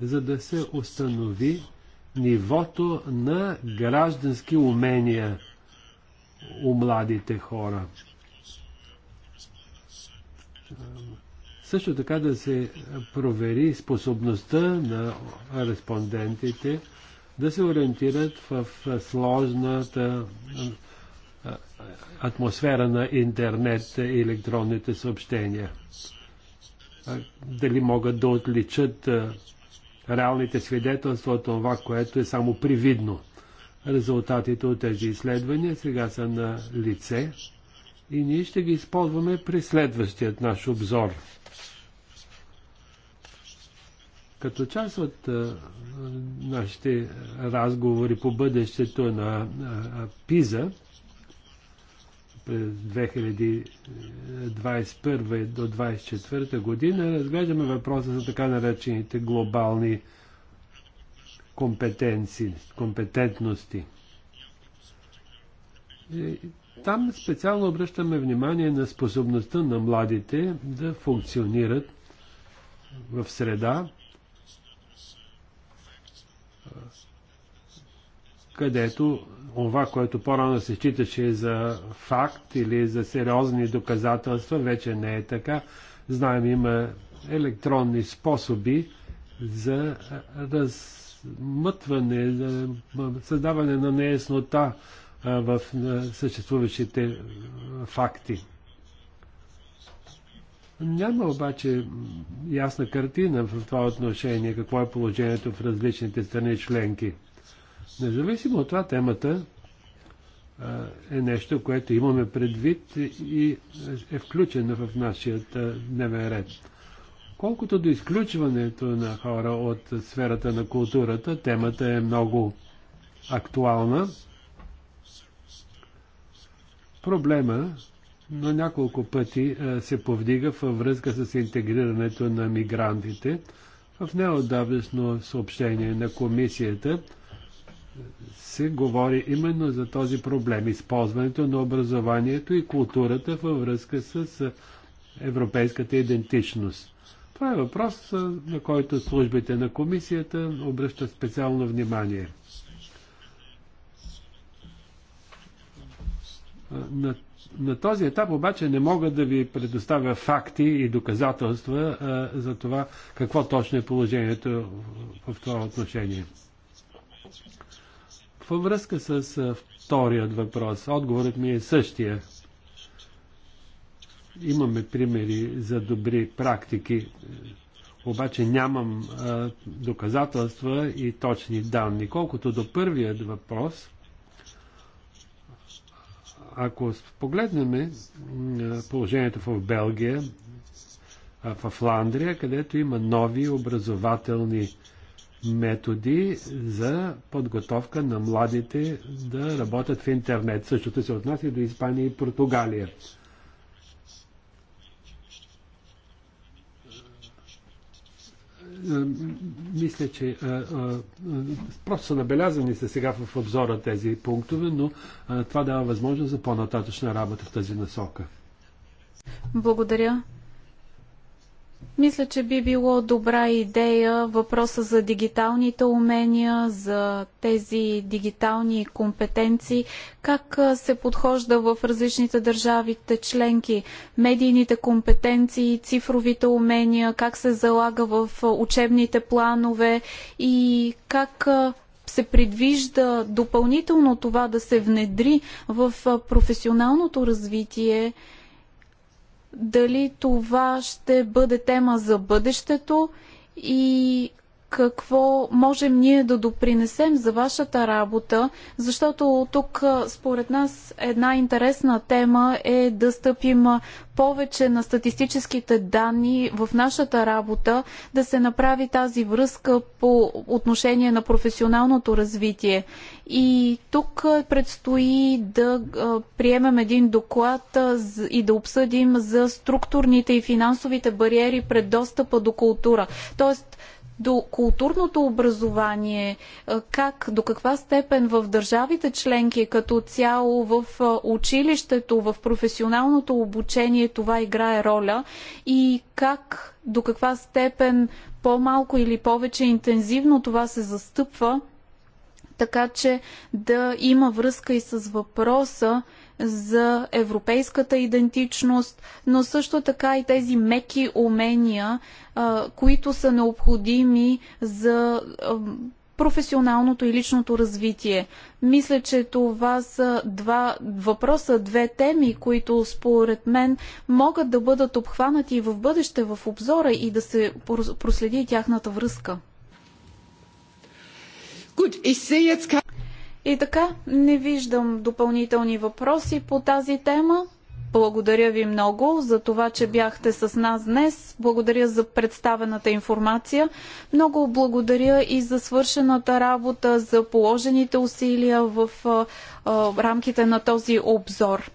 за да се установи нивото на граждански умения у младите хора. Също така да се провери способността на респондентите да се ориентират в сложната атмосфера на интернет и електронните съобщения. Дали могат да отличат реалните свидетелства от това, което е само привидно. Резултатите от тези изследвания сега са на лице и ние ще ги използваме при следващият наш обзор. Като част от нашите разговори по бъдещето на а, Пиза, през 2021 до 2024 година разглеждаме въпроса за така наречените глобални компетенции, компетентности. И там специално обръщаме внимание на способността на младите да функционират в среда, където това, което по-рано се считаше за факт или за сериозни доказателства, вече не е така. Знаем, има електронни способи за размътване, за създаване на неяснота в съществуващите факти. Няма обаче ясна картина в това отношение, какво е положението в различните страни членки. Независимо от това, темата е нещо, което имаме предвид и е включено в нашия дневен ред. Колкото до изключването на хора от сферата на културата, темата е много актуална. Проблема на няколко пъти се повдига във връзка с интегрирането на мигрантите. В неодавнешно съобщение на комисията – се говори именно за този проблем използването на образованието и културата във връзка с европейската идентичност. Това е въпрос, на който службите на комисията обръщат специално внимание. На, на този етап обаче не мога да ви предоставя факти и доказателства а, за това какво точно е положението в, в това отношение. Във връзка с вторият въпрос, отговорът ми е същия. Имаме примери за добри практики, обаче нямам а, доказателства и точни данни. Колкото до първият въпрос, ако погледнем положението в Белгия, в Фландрия, където има нови образователни методи за подготовка на младите да работят в интернет. Същото се отнася до Испания и Португалия. Е, мисля, че а, е, а, е, просто са набелязани са сега в обзора тези пунктове, но а, това дава възможност за по-нататъчна работа в тази насока. Благодаря. Мисля, че би било добра идея въпроса за дигиталните умения, за тези дигитални компетенции, как се подхожда в различните държавите членки, медийните компетенции, цифровите умения, как се залага в учебните планове и как се предвижда допълнително това да се внедри в професионалното развитие дали това ще бъде тема за бъдещето и какво можем ние да допринесем за вашата работа, защото тук според нас една интересна тема е да стъпим повече на статистическите данни в нашата работа, да се направи тази връзка по отношение на професионалното развитие. И тук предстои да приемем един доклад и да обсъдим за структурните и финансовите бариери пред достъпа до култура. Тоест, до културното образование, е, как, до каква степен в държавите членки е като цяло, в е, училището, в професионалното обучение това играе роля и как, до каква степен по-малко или повече интензивно това се застъпва, така че да има връзка и с въпроса за европейската идентичност, но също така и тези меки умения които са необходими за професионалното и личното развитие. Мисля, че това са два въпроса, две теми, които според мен могат да бъдат обхванати в бъдеще в обзора и да се проследи тяхната връзка. И така, не виждам допълнителни въпроси по тази тема. Благодаря ви много за това, че бяхте с нас днес. Благодаря за представената информация. Много благодаря и за свършената работа, за положените усилия в рамките на този обзор.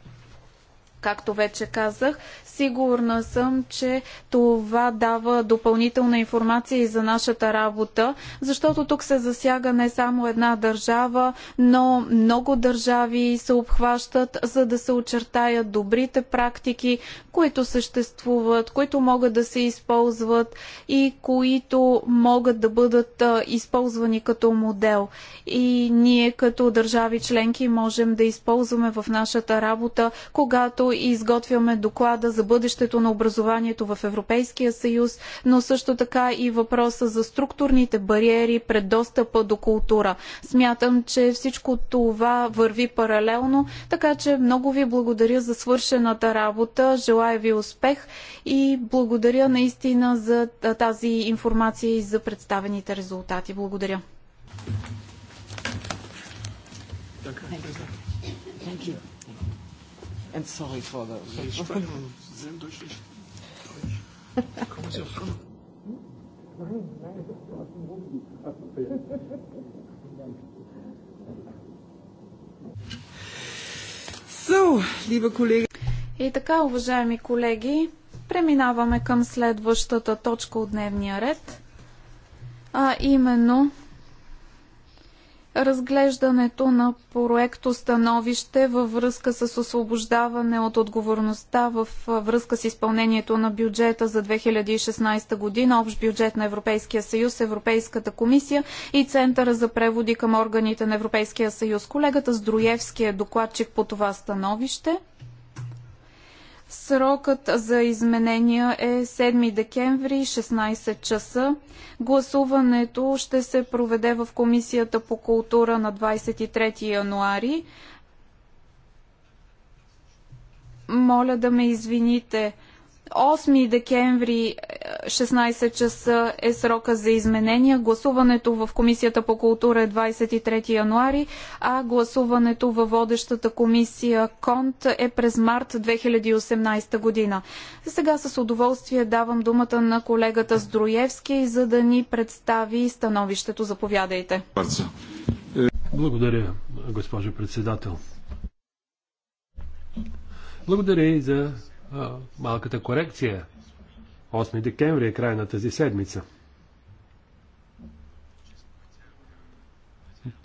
Както вече казах, Сигурна съм, че това дава допълнителна информация и за нашата работа, защото тук се засяга не само една държава, но много държави се обхващат, за да се очертаят добрите практики, които съществуват, които могат да се използват и които могат да бъдат използвани като модел. И ние като държави членки можем да използваме в нашата работа, когато изготвяме доклада за бъдещето на образованието в Европейския съюз, но също така и въпроса за структурните бариери пред достъпа до култура. Смятам, че всичко това върви паралелно, така че много ви благодаря за свършената работа, желая ви успех и благодаря наистина за тази информация и за представените резултати. Благодаря. Thank you. And sorry for the. So, liebe колеги. И така, уважаеми колеги, преминаваме към следващата точка от дневния ред, а именно разглеждането на проекто становище във връзка с освобождаване от отговорността във връзка с изпълнението на бюджета за 2016 година, общ бюджет на Европейския съюз, Европейската комисия и Центъра за преводи към органите на Европейския съюз. Колегата Здруевски е докладчик по това становище. Срокът за изменения е 7 декември, 16 часа. Гласуването ще се проведе в Комисията по култура на 23 януари. Моля да ме извините 8 декември 16 е, часа е срока за изменения. Гласуването в Комисията по култура е 23 януари, а гласуването във водещата комисия КОНТ е през март 2018 година. Сега с удоволствие давам думата на колегата Здроевски, за да ни представи становището. Заповядайте. Благодаря, госпожо председател. Благодаря и за малката корекция. 8 декември е край на тази седмица.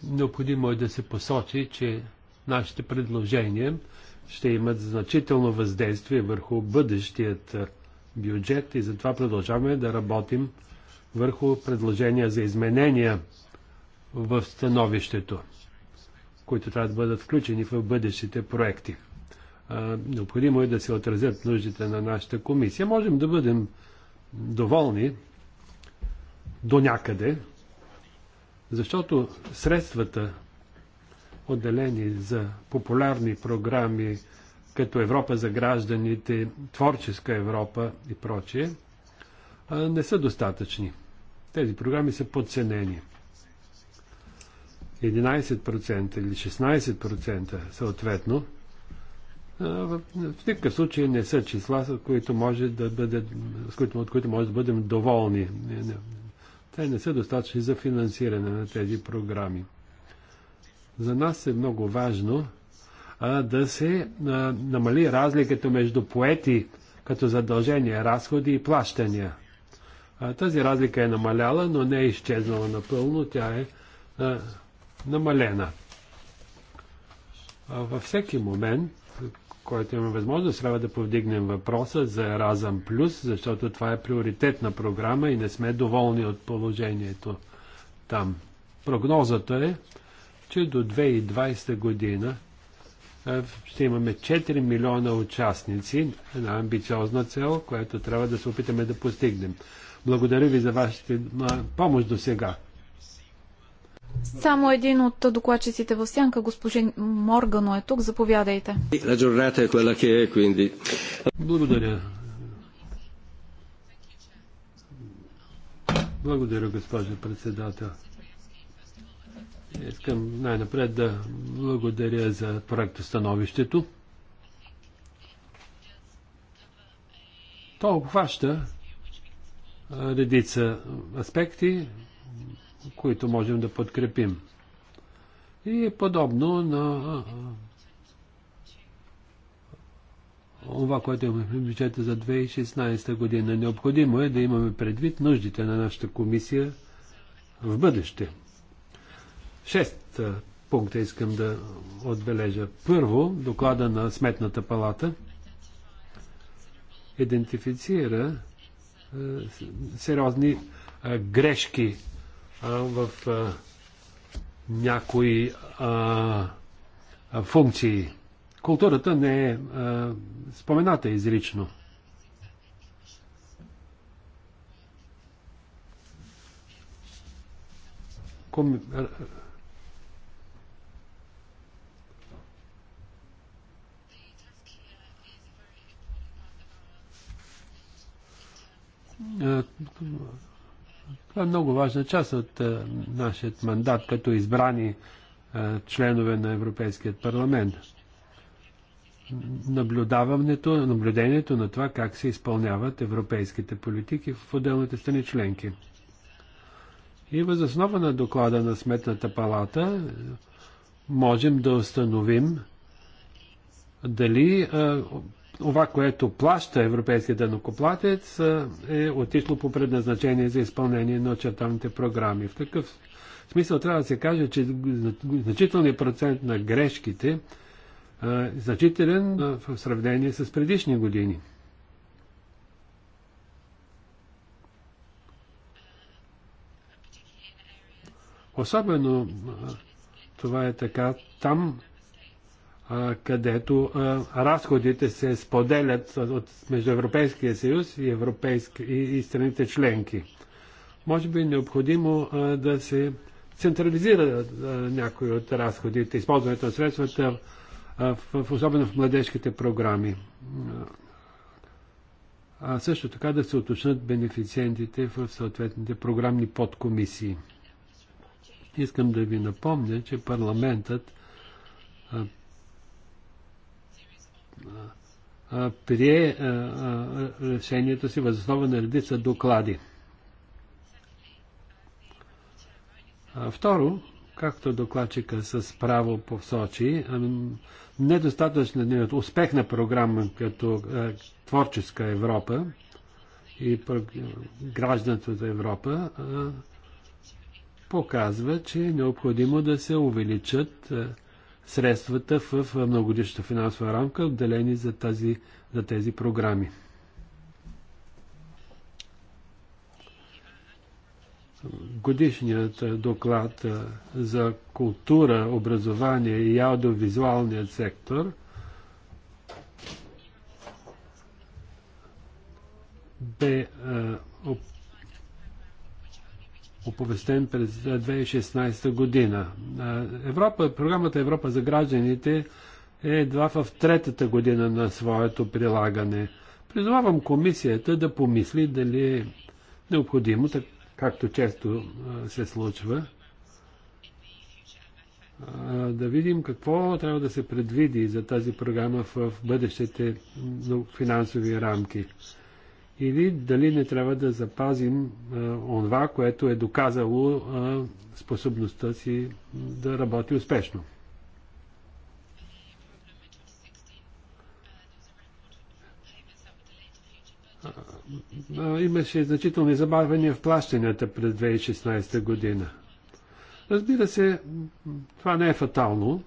Необходимо е да се посочи, че нашите предложения ще имат значително въздействие върху бъдещият бюджет и затова продължаваме да работим върху предложения за изменения в становището, които трябва да бъдат включени в бъдещите проекти необходимо е да се отразят нуждите на нашата комисия. Можем да бъдем доволни до някъде, защото средствата, отделени за популярни програми, като Европа за гражданите, Творческа Европа и прочие, не са достатъчни. Тези програми са подценени. 11% или 16% съответно – в никакъв случай не са числа, с които може да бъде, с които, от които може да бъдем доволни. Те не са достатъчни за финансиране на тези програми. За нас е много важно а, да се а, намали разликата между поети като задължения, разходи и плащания. А, тази разлика е намаляла, но не е изчезнала напълно, тя е а, намалена. А, във всеки момент който имаме възможност, трябва да повдигнем въпроса за Еразъм Плюс, защото това е приоритетна програма и не сме доволни от положението там. Прогнозата е, че до 2020 година ще имаме 4 милиона участници, една амбициозна цел, която трябва да се опитаме да постигнем. Благодаря ви за вашата помощ до сега. Само един от докладчиците в сянка, госпожин Моргано е тук. Заповядайте. Благодаря. Благодаря, госпожа председател. Искам най-напред да благодаря за проекта становището. То обхваща редица аспекти, които можем да подкрепим. И е подобно на това, което имаме в бюджета за 2016 година. Необходимо е да имаме предвид нуждите на нашата комисия в бъдеще. Шест пункта искам да отбележа. Първо, доклада на Сметната палата идентифицира сериозни грешки в а, някои а, функции. Културата не е а, спомената изрично. Ком... Uh, това е много важна част от а, е, нашия мандат като избрани а, е, членове на Европейският парламент. Наблюдаването, наблюдението на това как се изпълняват европейските политики в отделните страни членки. И възоснова на доклада на Сметната палата можем да установим дали а, е, това, което плаща европейския дънокоплатец, е отишло по предназначение за изпълнение на очертаните програми. В такъв смисъл трябва да се каже, че значителният процент на грешките е значителен в сравнение с предишни години. Особено това е така там, където разходите се споделят между Европейския съюз и, европейски, и, и страните членки. Може би е необходимо да се централизира някои от разходите, използването на средствата, особено в младежките програми. А също така да се уточнат бенефициентите в съответните програмни подкомисии. Искам да ви напомня, че парламентът прие решението си възоснова на редица доклади. Второ, както докладчика с право посочи, не успех на програма като Творческа Европа и гражданството Европа показва, че е необходимо да се увеличат средствата в многодишната финансова рамка, отделени за, тази, за тези програми. Годишният доклад за култура, образование и аудиовизуалният сектор бе оповестен през 2016 година. Европа, програмата Европа за гражданите е едва в третата година на своето прилагане. Призовавам комисията да помисли дали е необходимо, так, както често се случва, да видим какво трябва да се предвиди за тази програма в бъдещите финансови рамки или дали не трябва да запазим онова, което е доказало способността си да работи успешно. имаше значителни забавяния в плащанията през 2016 година. Разбира се, това не е фатално,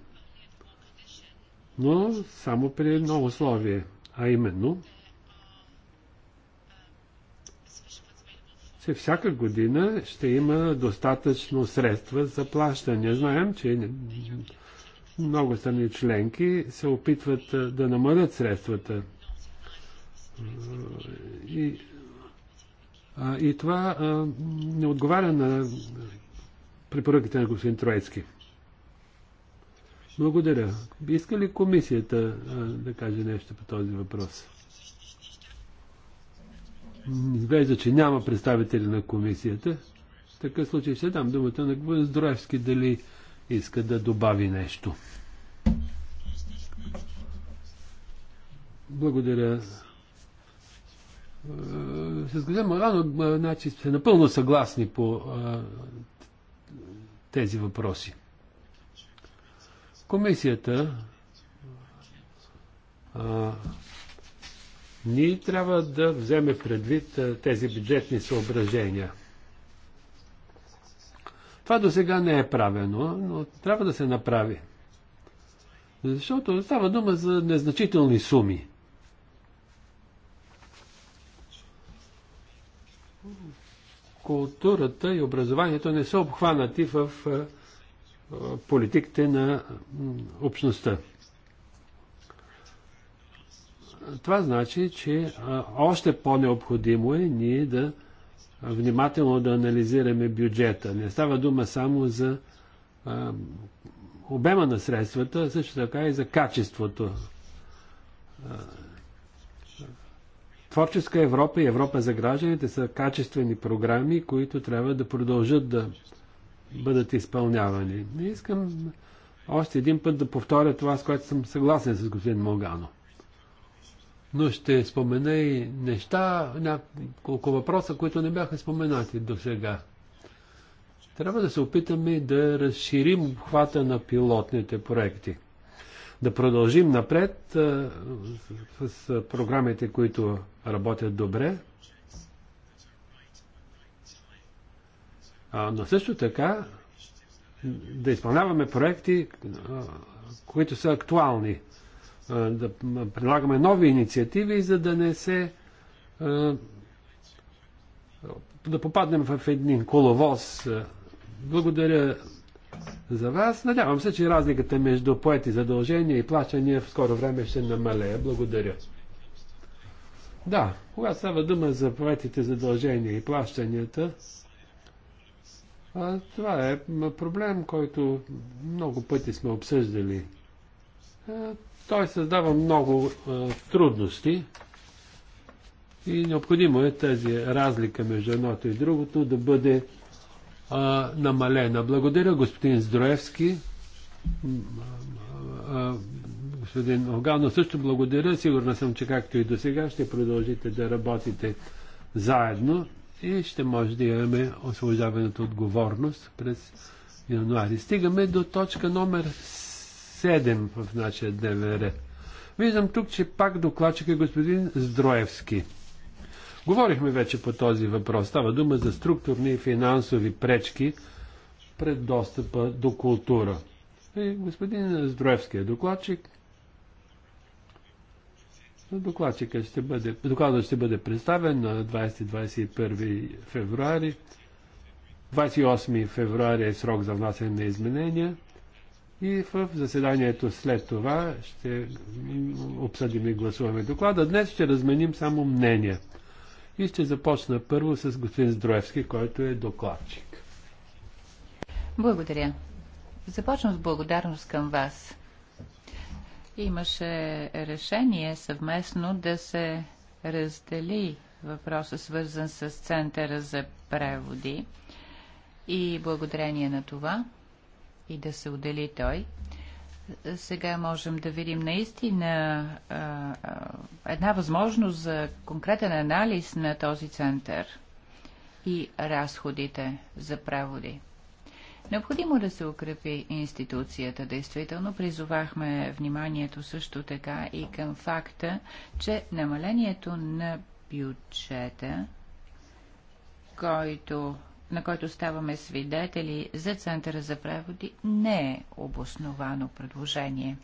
но само при едно условие, а именно – че всяка година ще има достатъчно средства за плащане. Знаем, че много страни членки се опитват да намалят средствата. И, и това не отговаря на препоръките на господин Троецки. Благодаря. Иска ли комисията да каже нещо по този въпрос? Изглежда, че няма представители на комисията. В такъв случай ще дам думата на Здравски дали иска да добави нещо. Благодаря. Се сгледам рано, е, значи сте напълно съгласни по е, тези въпроси. Комисията е, ние трябва да вземе предвид тези бюджетни съображения. Това до сега не е правено, но трябва да се направи. Защото става дума за незначителни суми. Културата и образованието не са обхванати в политиките на общността. Това значи, че още по-необходимо е ние да внимателно да анализираме бюджета. Не става дума само за обема на средствата, също така и за качеството. Творческа Европа и Европа за гражданите са качествени програми, които трябва да продължат да бъдат изпълнявани. Не искам още един път да повторя това, с което съм съгласен с господин Молгано но ще спомена и неща, няколко въпроса, които не бяха споменати до сега. Трябва да се опитаме да разширим обхвата на пилотните проекти. Да продължим напред а, с, с програмите, които работят добре. А, но също така да изпълняваме проекти, а, които са актуални да прилагаме нови инициативи, за да не се да попаднем в един коловоз. Благодаря за вас. Надявам се, че разликата между поети задължения и плащания в скоро време ще намалее. Благодаря. Да, когато става дума за поетите задължения и плащанията, това е проблем, който много пъти сме обсъждали. Той създава много а, е, трудности и необходимо е тази разлика между едното и другото да бъде а, е, намалена. Благодаря господин Здроевски. Е, господин Огано, също благодаря. Сигурна съм, че както и до сега ще продължите да работите заедно и ще може да имаме освобождаването отговорност през януари. Стигаме до точка номер 7 в нашия дневен ред. Виждам тук, че пак докладчик е господин Здроевски. Говорихме вече по този въпрос. Става дума за структурни и финансови пречки пред достъпа до култура. И господин Здроевски е докладчик. Докладчика ще бъде, докладът ще бъде представен на 20-21 февруари. 28 февруари е срок за внасяне на изменения. И в заседанието след това ще обсъдим и гласуваме доклада. Днес ще разменим само мнения. И ще започна първо с господин Здроевски, който е докладчик. Благодаря. Започвам с благодарност към вас. Имаше решение съвместно да се раздели въпроса, свързан с Центъра за преводи. И благодарение на това и да се отдели той. Сега можем да видим наистина а, една възможност за конкретен анализ на този център и разходите за праводи. Необходимо да се укрепи институцията. Действително призовахме вниманието също така и към факта, че намалението на бюджета, който на който ставаме свидетели за Центъра за преводи, не е обосновано предложение.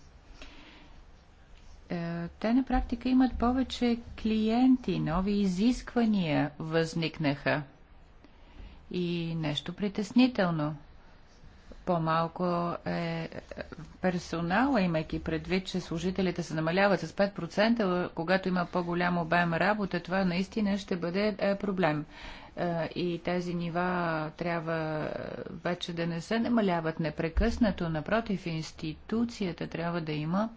Е, те на практика имат повече клиенти, нови изисквания възникнаха. И нещо притеснително. По-малко е, е персонала, имайки предвид, че служителите се намаляват с 5%, когато има по-голям обем работа, това наистина ще бъде е, проблем. Е, и тези нива трябва вече да не се намаляват непрекъснато. Напротив, институцията трябва да има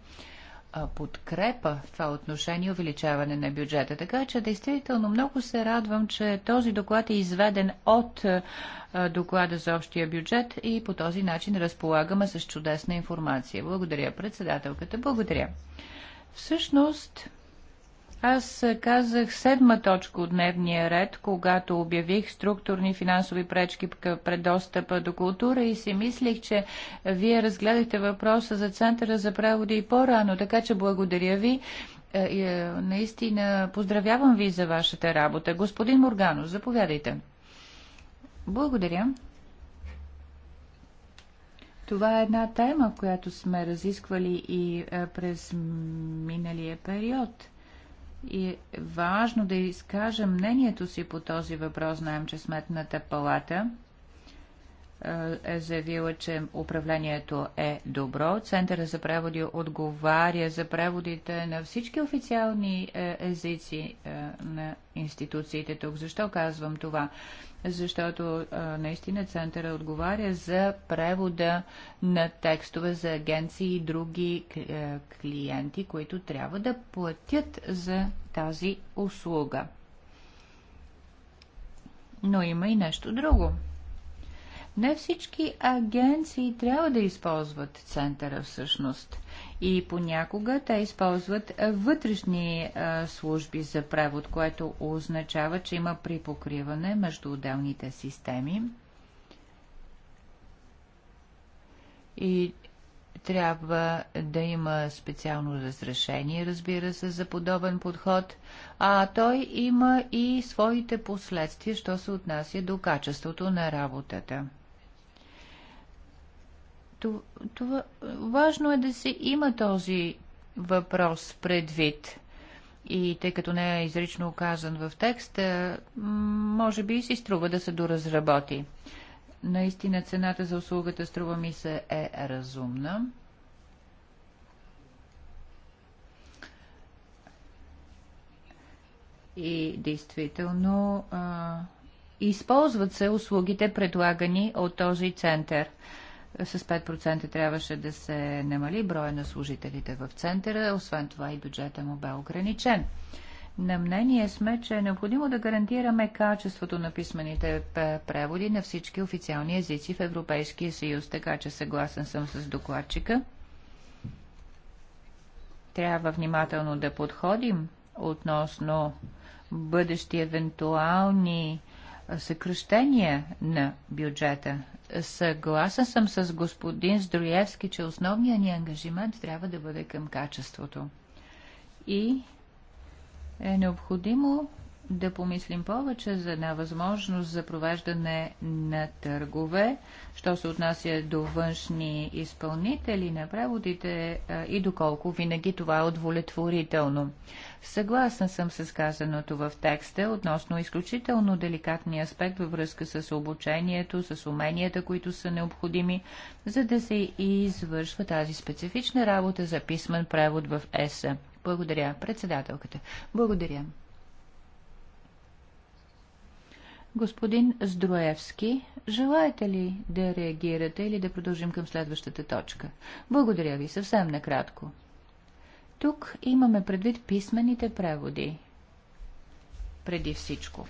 подкрепа в това отношение увеличаване на бюджета. Така че действително много се радвам, че този доклад е изведен от е, е, доклада за общия бюджет и по този начин разполагаме с чудесна информация. Благодаря председателката. Благодаря. Всъщност, аз казах седма точка от дневния ред, когато обявих структурни финансови пречки пред достъпа до култура и си мислих, че вие разгледахте въпроса за Центъра за преводи и по-рано, така че благодаря ви. Е, е, наистина поздравявам ви за вашата работа. Господин Моргано, заповядайте. Благодаря. Това е една тема, която сме разисквали и е, през миналия период – и е важно да изкажа мнението си по този въпрос. Знаем, че Сметната палата е заявила, че управлението е добро. Центъра за преводи отговаря за преводите на всички официални е, езици е, на институциите тук. Защо казвам това? защото а, наистина центъра отговаря за превода на текстове за агенции и други клиенти, които трябва да платят за тази услуга. Но има и нещо друго. Не всички агенции трябва да използват центъра всъщност. И понякога те използват вътрешни а, служби за превод, което означава, че има припокриване между отделните системи. И трябва да има специално разрешение, разбира се, за подобен подход, а той има и своите последствия, що се отнася до качеството на работата. Това, важно е да се има този въпрос предвид. И тъй като не е изрично указан в текста, може би си струва да се доразработи. Наистина цената за услугата струва ми се е разумна. И действително а, използват се услугите предлагани от този център. С 5% трябваше да се намали броя на служителите в центъра, освен това и бюджета му бе ограничен. На мнение сме, че е необходимо да гарантираме качеството на писмените преводи на всички официални езици в Европейския съюз, така че съгласен съм с докладчика. Трябва внимателно да подходим относно бъдещи евентуални съкръщения на бюджета. Съгласен съм с господин Здроевски, че основният ни ангажимент трябва да бъде към качеството. И е необходимо да помислим повече за една възможност за провеждане на търгове, що се отнася до външни изпълнители на преводите е, и доколко винаги това е удовлетворително. Съгласна съм с казаното в текста относно изключително деликатния аспект във връзка с обучението, с уменията, които са необходими, за да се извършва тази специфична работа за писмен превод в ЕСА. Благодаря, председателката. Благодаря. Господин Здроевски, желаете ли да реагирате или да продължим към следващата точка? Благодаря ви, съвсем накратко. Тук имаме предвид писмените преводи. Преди всичко.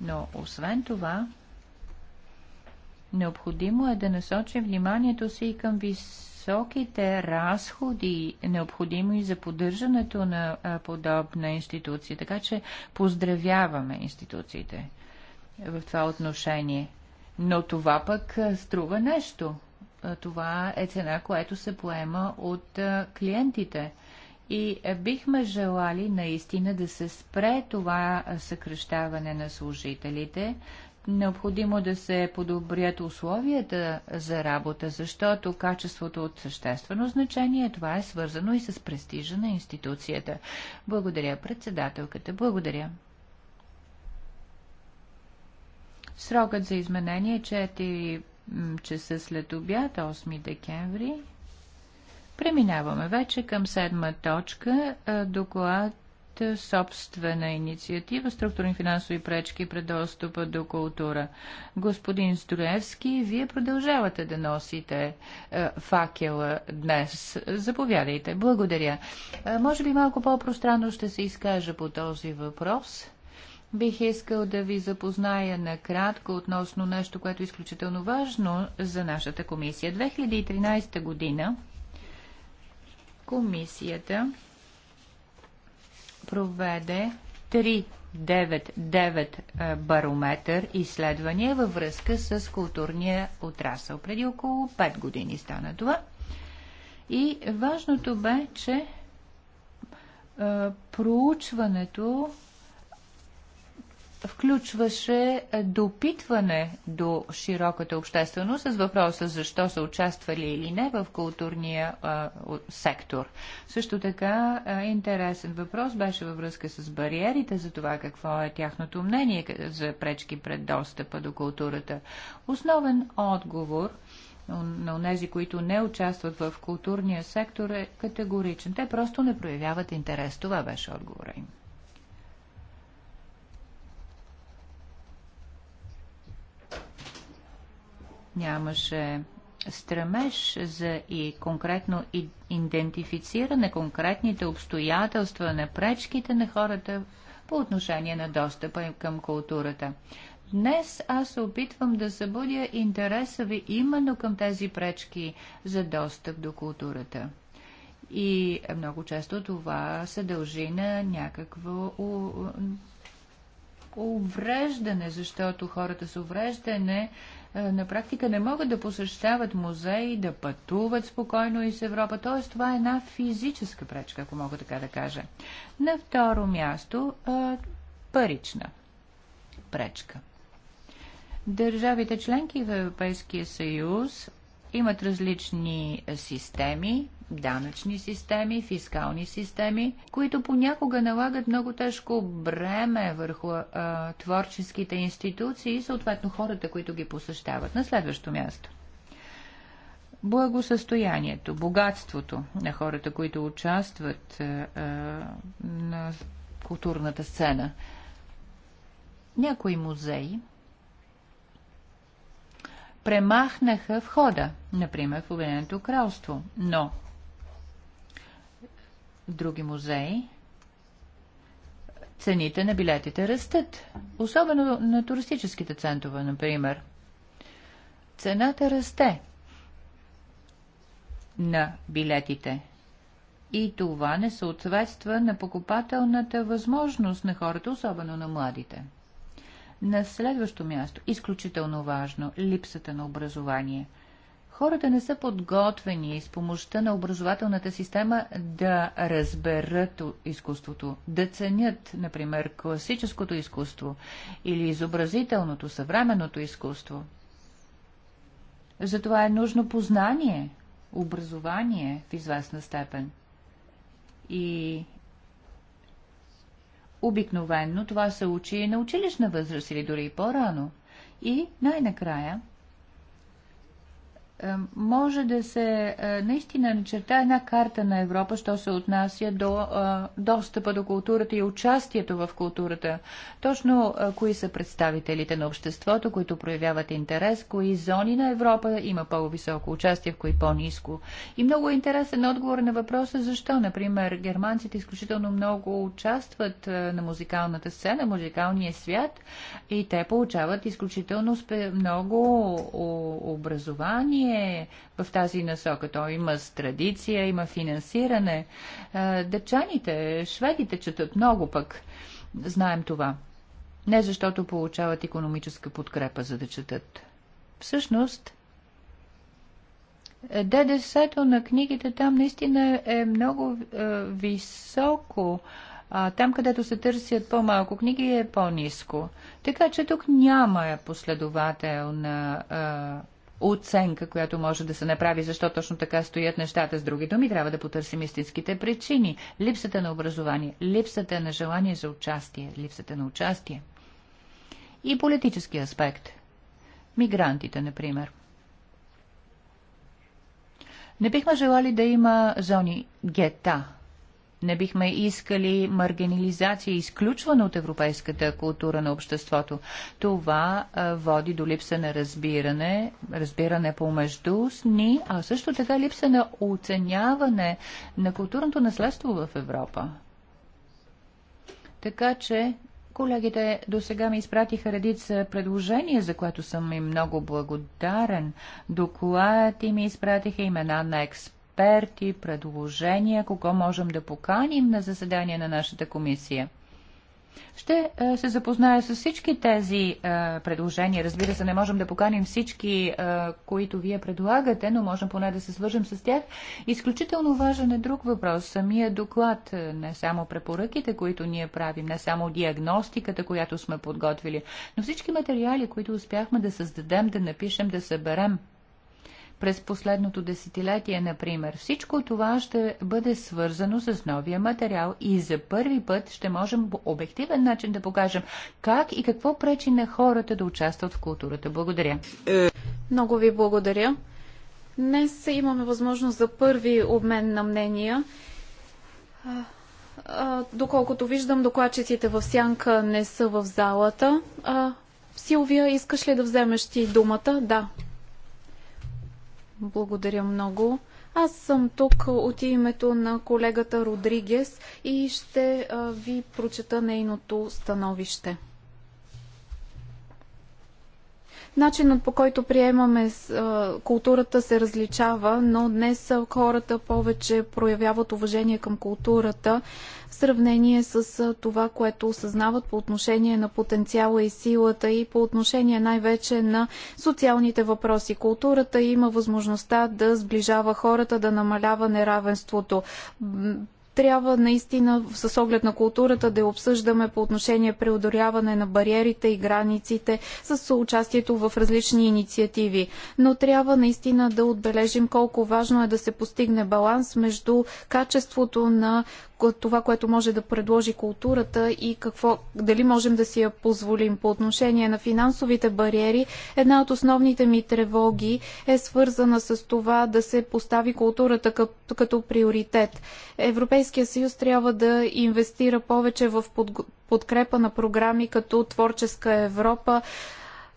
Но освен това, необходимо е да насочим вниманието си и към високите разходи, необходими за поддържането на подобна институция. Така че поздравяваме институциите в това отношение. Но това пък струва нещо. Това е цена, която се поема от клиентите. И бихме желали наистина да се спре това съкръщаване на служителите. Необходимо да се подобрят условията за работа, защото качеството от съществено значение това е свързано и с престижа на институцията. Благодаря председателката. Благодаря. Срокът за изменение 4 е часа след обяд, 8 декември. Преминаваме вече към седма точка. Доклад собствена инициатива Структурни финансови пречки пред достъпа до култура. Господин Строевски, вие продължавате да носите факела днес. Заповядайте. Благодаря. може би малко по-пространно ще се изкажа по този въпрос. Бих искал да ви запозная накратко относно нещо, което е изключително важно за нашата комисия. 2013 година комисията проведе 399 барометър изследвания във връзка с културния отрасъл. Преди около 5 години стана това. И важното бе, че проучването включваше е, допитване до широката общественост с въпроса защо са участвали или не в културния а, сектор. Също така а, е, интересен въпрос беше във връзка с бариерите за това какво е тяхното мнение за пречки пред достъпа до културата. Основен отговор на тези, които не участват в културния сектор е категоричен. Те просто не проявяват интерес. Това беше отговора им. нямаше стремеж за и конкретно идентифициране конкретните обстоятелства на пречките на хората по отношение на достъпа им към културата. Днес аз се опитвам да събудя интереса ви именно към тези пречки за достъп до културата. И много често това се дължи на някакво увреждане, защото хората с увреждане е, на практика не могат да посещават музеи, да пътуват спокойно из Европа. Т.е. това е една физическа пречка, ако мога така да кажа. На второ място е, парична пречка. Държавите членки в Европейския съюз имат различни системи данъчни системи, фискални системи, които понякога налагат много тежко бреме върху а, творческите институции и съответно хората, които ги посещават. На следващо място. Благосъстоянието, богатството на хората, които участват а, на културната сцена. Някои музеи премахнаха входа, например в Обединеното кралство, но други музеи, цените на билетите растат. Особено на туристическите центрове, например. Цената расте на билетите. И това не съответства на покупателната възможност на хората, особено на младите. На следващо място, изключително важно, липсата на образование – Хората не са подготвени с помощта на образователната система да разберат изкуството, да ценят, например, класическото изкуство или изобразителното, съвременното изкуство. Затова е нужно познание, образование в известна степен. И обикновенно това се учи на училищна възраст или дори и по-рано. И най-накрая е, може да се е, наистина начерта една карта на Европа, що се отнася до е, достъпа до културата и участието в културата. Точно кои са представителите на обществото, които проявяват интерес, кои зони на Европа има по-високо участие, в кои по-низко. И много е интересен отговор на въпроса защо, например, германците изключително много участват на музикалната сцена, музикалния свят и те получават изключително много образование, обучение в тази насока. То има с традиция, има финансиране. Дъчаните, шведите четат много пък. Знаем това. Не защото получават економическа подкрепа, за да четат. Всъщност, ДДС-то на книгите там наистина е много е, високо. А там, където се търсят по-малко книги, е по-низко. Така че тук няма последователна е, оценка, която може да се направи, защо точно така стоят нещата. С други думи, трябва да потърсим истинските причини. Липсата на образование, липсата на желание за участие, липсата на участие. И политически аспект. Мигрантите, например. Не бихме желали да има зони гета, не бихме искали маргинализация и изключване от европейската култура на обществото. Това а, води до липса на разбиране, разбиране помежду ни, а също така липса на оценяване на културното наследство в Европа. Така че колегите до сега ми изпратиха редица предложения, за което съм им много благодарен. Доклад и ми изпратиха имена на експерти експерти, предложения, кого можем да поканим на заседание на нашата комисия. Ще е, се запозная с всички тези е, предложения. Разбира се, не можем да поканим всички, е, които вие предлагате, но можем поне да се свържем с тях. Изключително важен е друг въпрос. Самия доклад, не само препоръките, които ние правим, не само диагностиката, която сме подготвили, но всички материали, които успяхме да създадем, да напишем, да съберем – през последното десетилетие, например. Всичко това ще бъде свързано с новия материал и за първи път ще можем по обективен начин да покажем как и какво пречи на хората да участват в културата. Благодаря. Е. Много ви благодаря. Днес имаме възможност за първи обмен на мнения. Доколкото виждам, докладчиците в сянка не са в залата. Силвия, искаш ли да вземеш ти думата? Да. Благодаря много. Аз съм тук от името на колегата Родригес и ще ви прочета нейното становище. Начинът по който приемаме културата се различава, но днес хората повече проявяват уважение към културата в сравнение с това, което осъзнават по отношение на потенциала и силата и по отношение най-вече на социалните въпроси. Културата има възможността да сближава хората, да намалява неравенството трябва наистина с оглед на културата да обсъждаме по отношение преодоляване на бариерите и границите с участието в различни инициативи. Но трябва наистина да отбележим колко важно е да се постигне баланс между качеството на това, което може да предложи културата и какво, дали можем да си я позволим. По отношение на финансовите бариери, една от основните ми тревоги е свързана с това да се постави културата като, като приоритет. Европейския съюз трябва да инвестира повече в подкрепа на програми като Творческа Европа,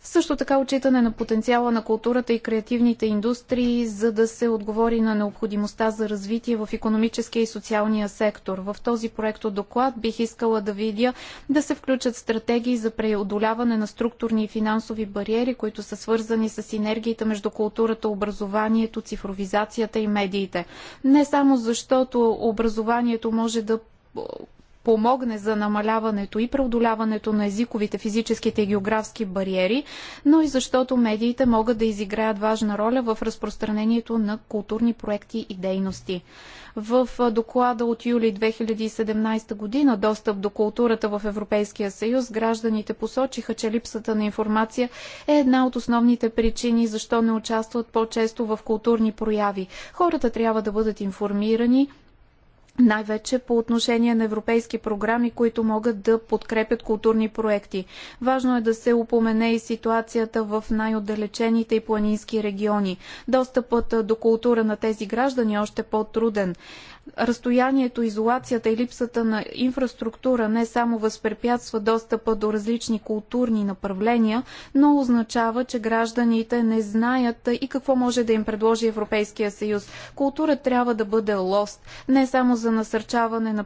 също така отчитане на потенциала на културата и креативните индустрии, за да се отговори на необходимостта за развитие в економическия и социалния сектор. В този проект от доклад бих искала да видя да се включат стратегии за преодоляване на структурни и финансови бариери, които са свързани с синергията между културата, образованието, цифровизацията и медиите. Не само защото образованието може да помогне за намаляването и преодоляването на езиковите, физическите и географски бариери, но и защото медиите могат да изиграят важна роля в разпространението на културни проекти и дейности. В доклада от юли 2017 година Достъп до културата в Европейския съюз гражданите посочиха, че липсата на информация е една от основните причини защо не участват по-често в културни прояви. Хората трябва да бъдат информирани най-вече по отношение на европейски програми, които могат да подкрепят културни проекти. Важно е да се упомене и ситуацията в най-отдалечените и планински региони. Достъпът до култура на тези граждани е още по-труден разстоянието, изолацията и липсата на инфраструктура не само възпрепятства достъпа до различни културни направления, но означава, че гражданите не знаят и какво може да им предложи Европейския съюз. Култура трябва да бъде лост, не само за насърчаване на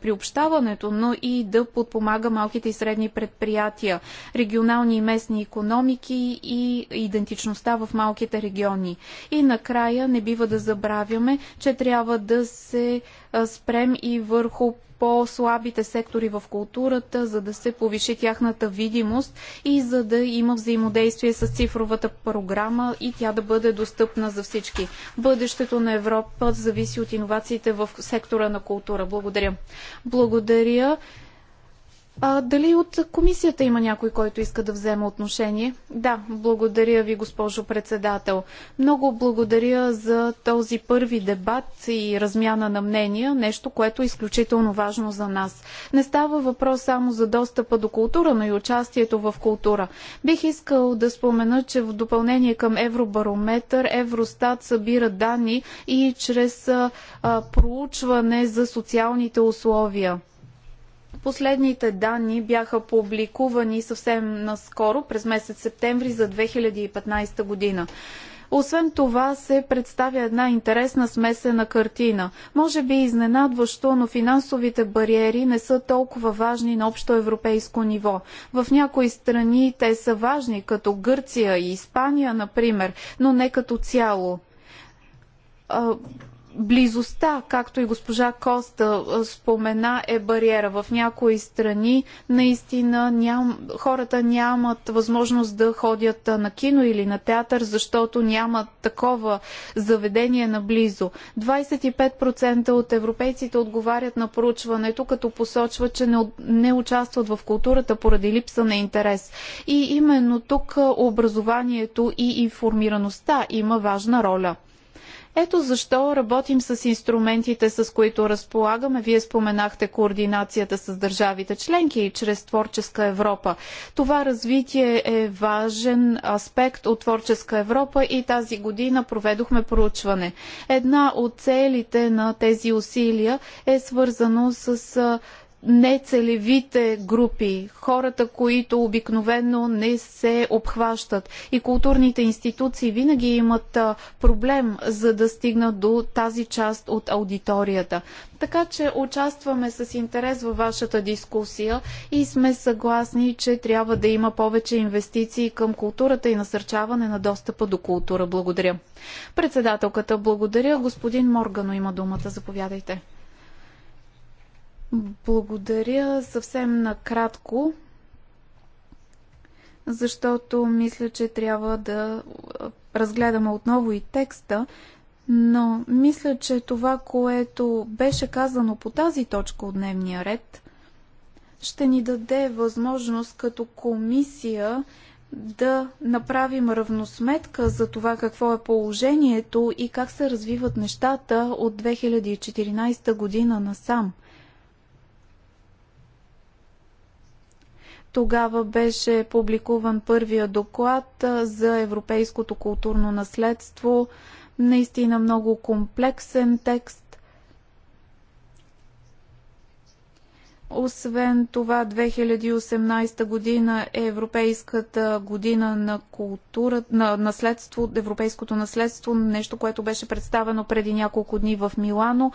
приобщаването, но и да подпомага малките и средни предприятия, регионални и местни економики и идентичността в малките региони. И накрая не бива да забравяме, че трябва да се се спрем и върху по-слабите сектори в културата, за да се повиши тяхната видимост и за да има взаимодействие с цифровата програма и тя да бъде достъпна за всички. Бъдещето на Европа зависи от иновациите в сектора на култура. Благодаря. Благодаря. А, дали от комисията има някой, който иска да вземе отношение? Да, благодаря ви, госпожо председател. Много благодаря за този първи дебат и размяна на мнения, нещо, което е изключително важно за нас. Не става въпрос само за достъпа до култура, но и участието в култура. Бих искал да спомена, че в допълнение към Евробарометър, Евростат събира данни и чрез а, проучване за социалните условия Последните данни бяха публикувани съвсем наскоро, през месец септември за 2015 година. Освен това се представя една интересна смесена картина. Може би изненадващо, но финансовите бариери не са толкова важни на общо европейско ниво. В някои страни те са важни, като Гърция и Испания, например, но не като цяло близостта, както и госпожа Коста спомена, е бариера. В някои страни наистина ням, хората нямат възможност да ходят на кино или на театър, защото нямат такова заведение наблизо. 25% от европейците отговарят на проучването, като посочват, че не, не участват в културата поради липса на интерес. И именно тук образованието и информираността има важна роля. Ето защо работим с инструментите, с които разполагаме. Вие споменахте координацията с държавите членки и чрез Творческа Европа. Това развитие е важен аспект от Творческа Европа и тази година проведохме проучване. Една от целите на тези усилия е свързано с нецелевите групи, хората, които обикновено не се обхващат. И културните институции винаги имат проблем, за да стигнат до тази част от аудиторията. Така че участваме с интерес във вашата дискусия и сме съгласни, че трябва да има повече инвестиции към културата и насърчаване на достъпа до култура. Благодаря. Председателката, благодаря. Господин Моргано има думата. Заповядайте. Благодаря съвсем накратко, защото мисля, че трябва да разгледаме отново и текста, но мисля, че това, което беше казано по тази точка от дневния ред, ще ни даде възможност като комисия да направим равносметка за това какво е положението и как се развиват нещата от 2014 година насам. Тогава беше публикуван първия доклад за европейското културно наследство. Наистина много комплексен текст. Освен това, 2018 година е Европейската година на култура, на наследство, европейското наследство, нещо, което беше представено преди няколко дни в Милано.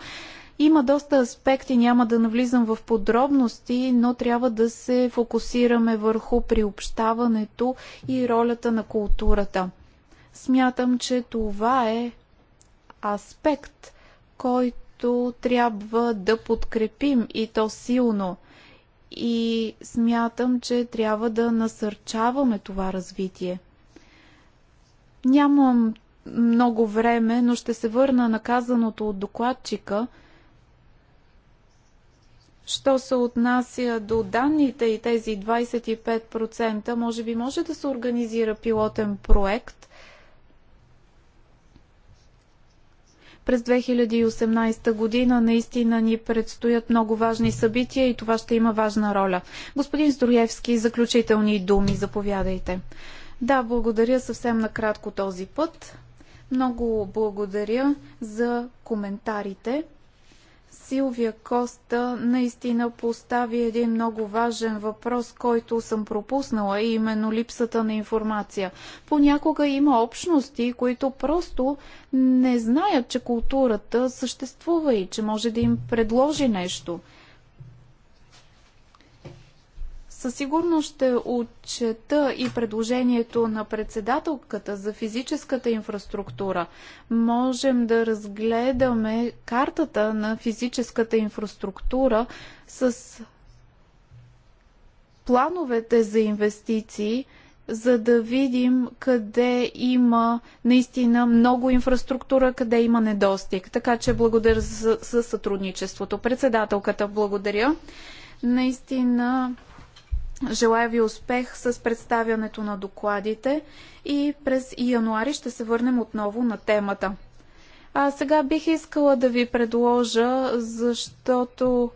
Има доста аспекти, няма да навлизам в подробности, но трябва да се фокусираме върху приобщаването и ролята на културата. Смятам, че това е аспект, който трябва да подкрепим и то силно. И смятам, че трябва да насърчаваме това развитие. Нямам много време, но ще се върна на казаното от докладчика – Що се отнася до данните и тези 25%, може би може да се организира пилотен проект през 2018 година наистина ни предстоят много важни събития и това ще има важна роля. Господин Здроевски, заключителни думи, заповядайте. Да, благодаря съвсем накратко този път. Много благодаря за коментарите. Силвия Коста наистина постави един много важен въпрос, който съм пропуснала, и именно липсата на информация. Понякога има общности, които просто не знаят, че културата съществува и че може да им предложи нещо – със сигурност ще отчета и предложението на председателката за физическата инфраструктура. Можем да разгледаме картата на физическата инфраструктура с плановете за инвестиции, за да видим къде има наистина много инфраструктура, къде има недостиг. Така че благодаря за, за сътрудничеството. Председателката, благодаря. Наистина Желая ви успех с представянето на докладите и през януари ще се върнем отново на темата. А сега бих искала да ви предложа, защото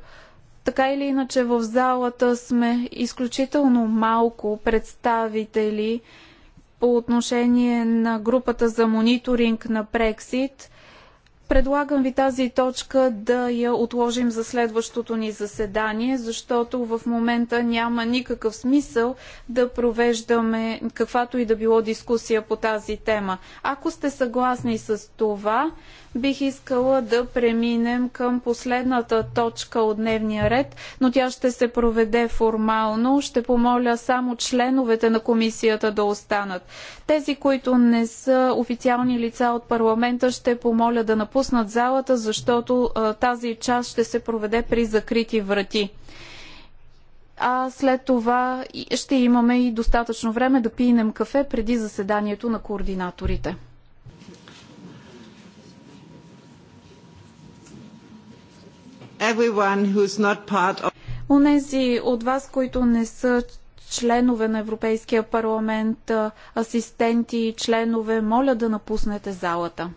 така или иначе в залата сме изключително малко представители по отношение на групата за мониторинг на Брексит Предлагам ви тази точка да я отложим за следващото ни заседание, защото в момента няма никакъв смисъл да провеждаме каквато и да било дискусия по тази тема. Ако сте съгласни с това, Бих искала да преминем към последната точка от дневния ред, но тя ще се проведе формално. Ще помоля само членовете на комисията да останат. Тези, които не са официални лица от парламента, ще помоля да напуснат залата, защото а, тази част ще се проведе при закрити врати а след това ще имаме и достатъчно време да пинем кафе преди заседанието на координаторите. Онези Унези от вас, които не са членове на Европейския парламент, асистенти и членове, моля да напуснете залата.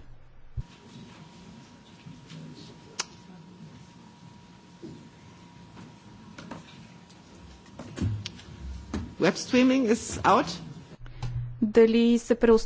Web streaming is out. Дали се преустановява?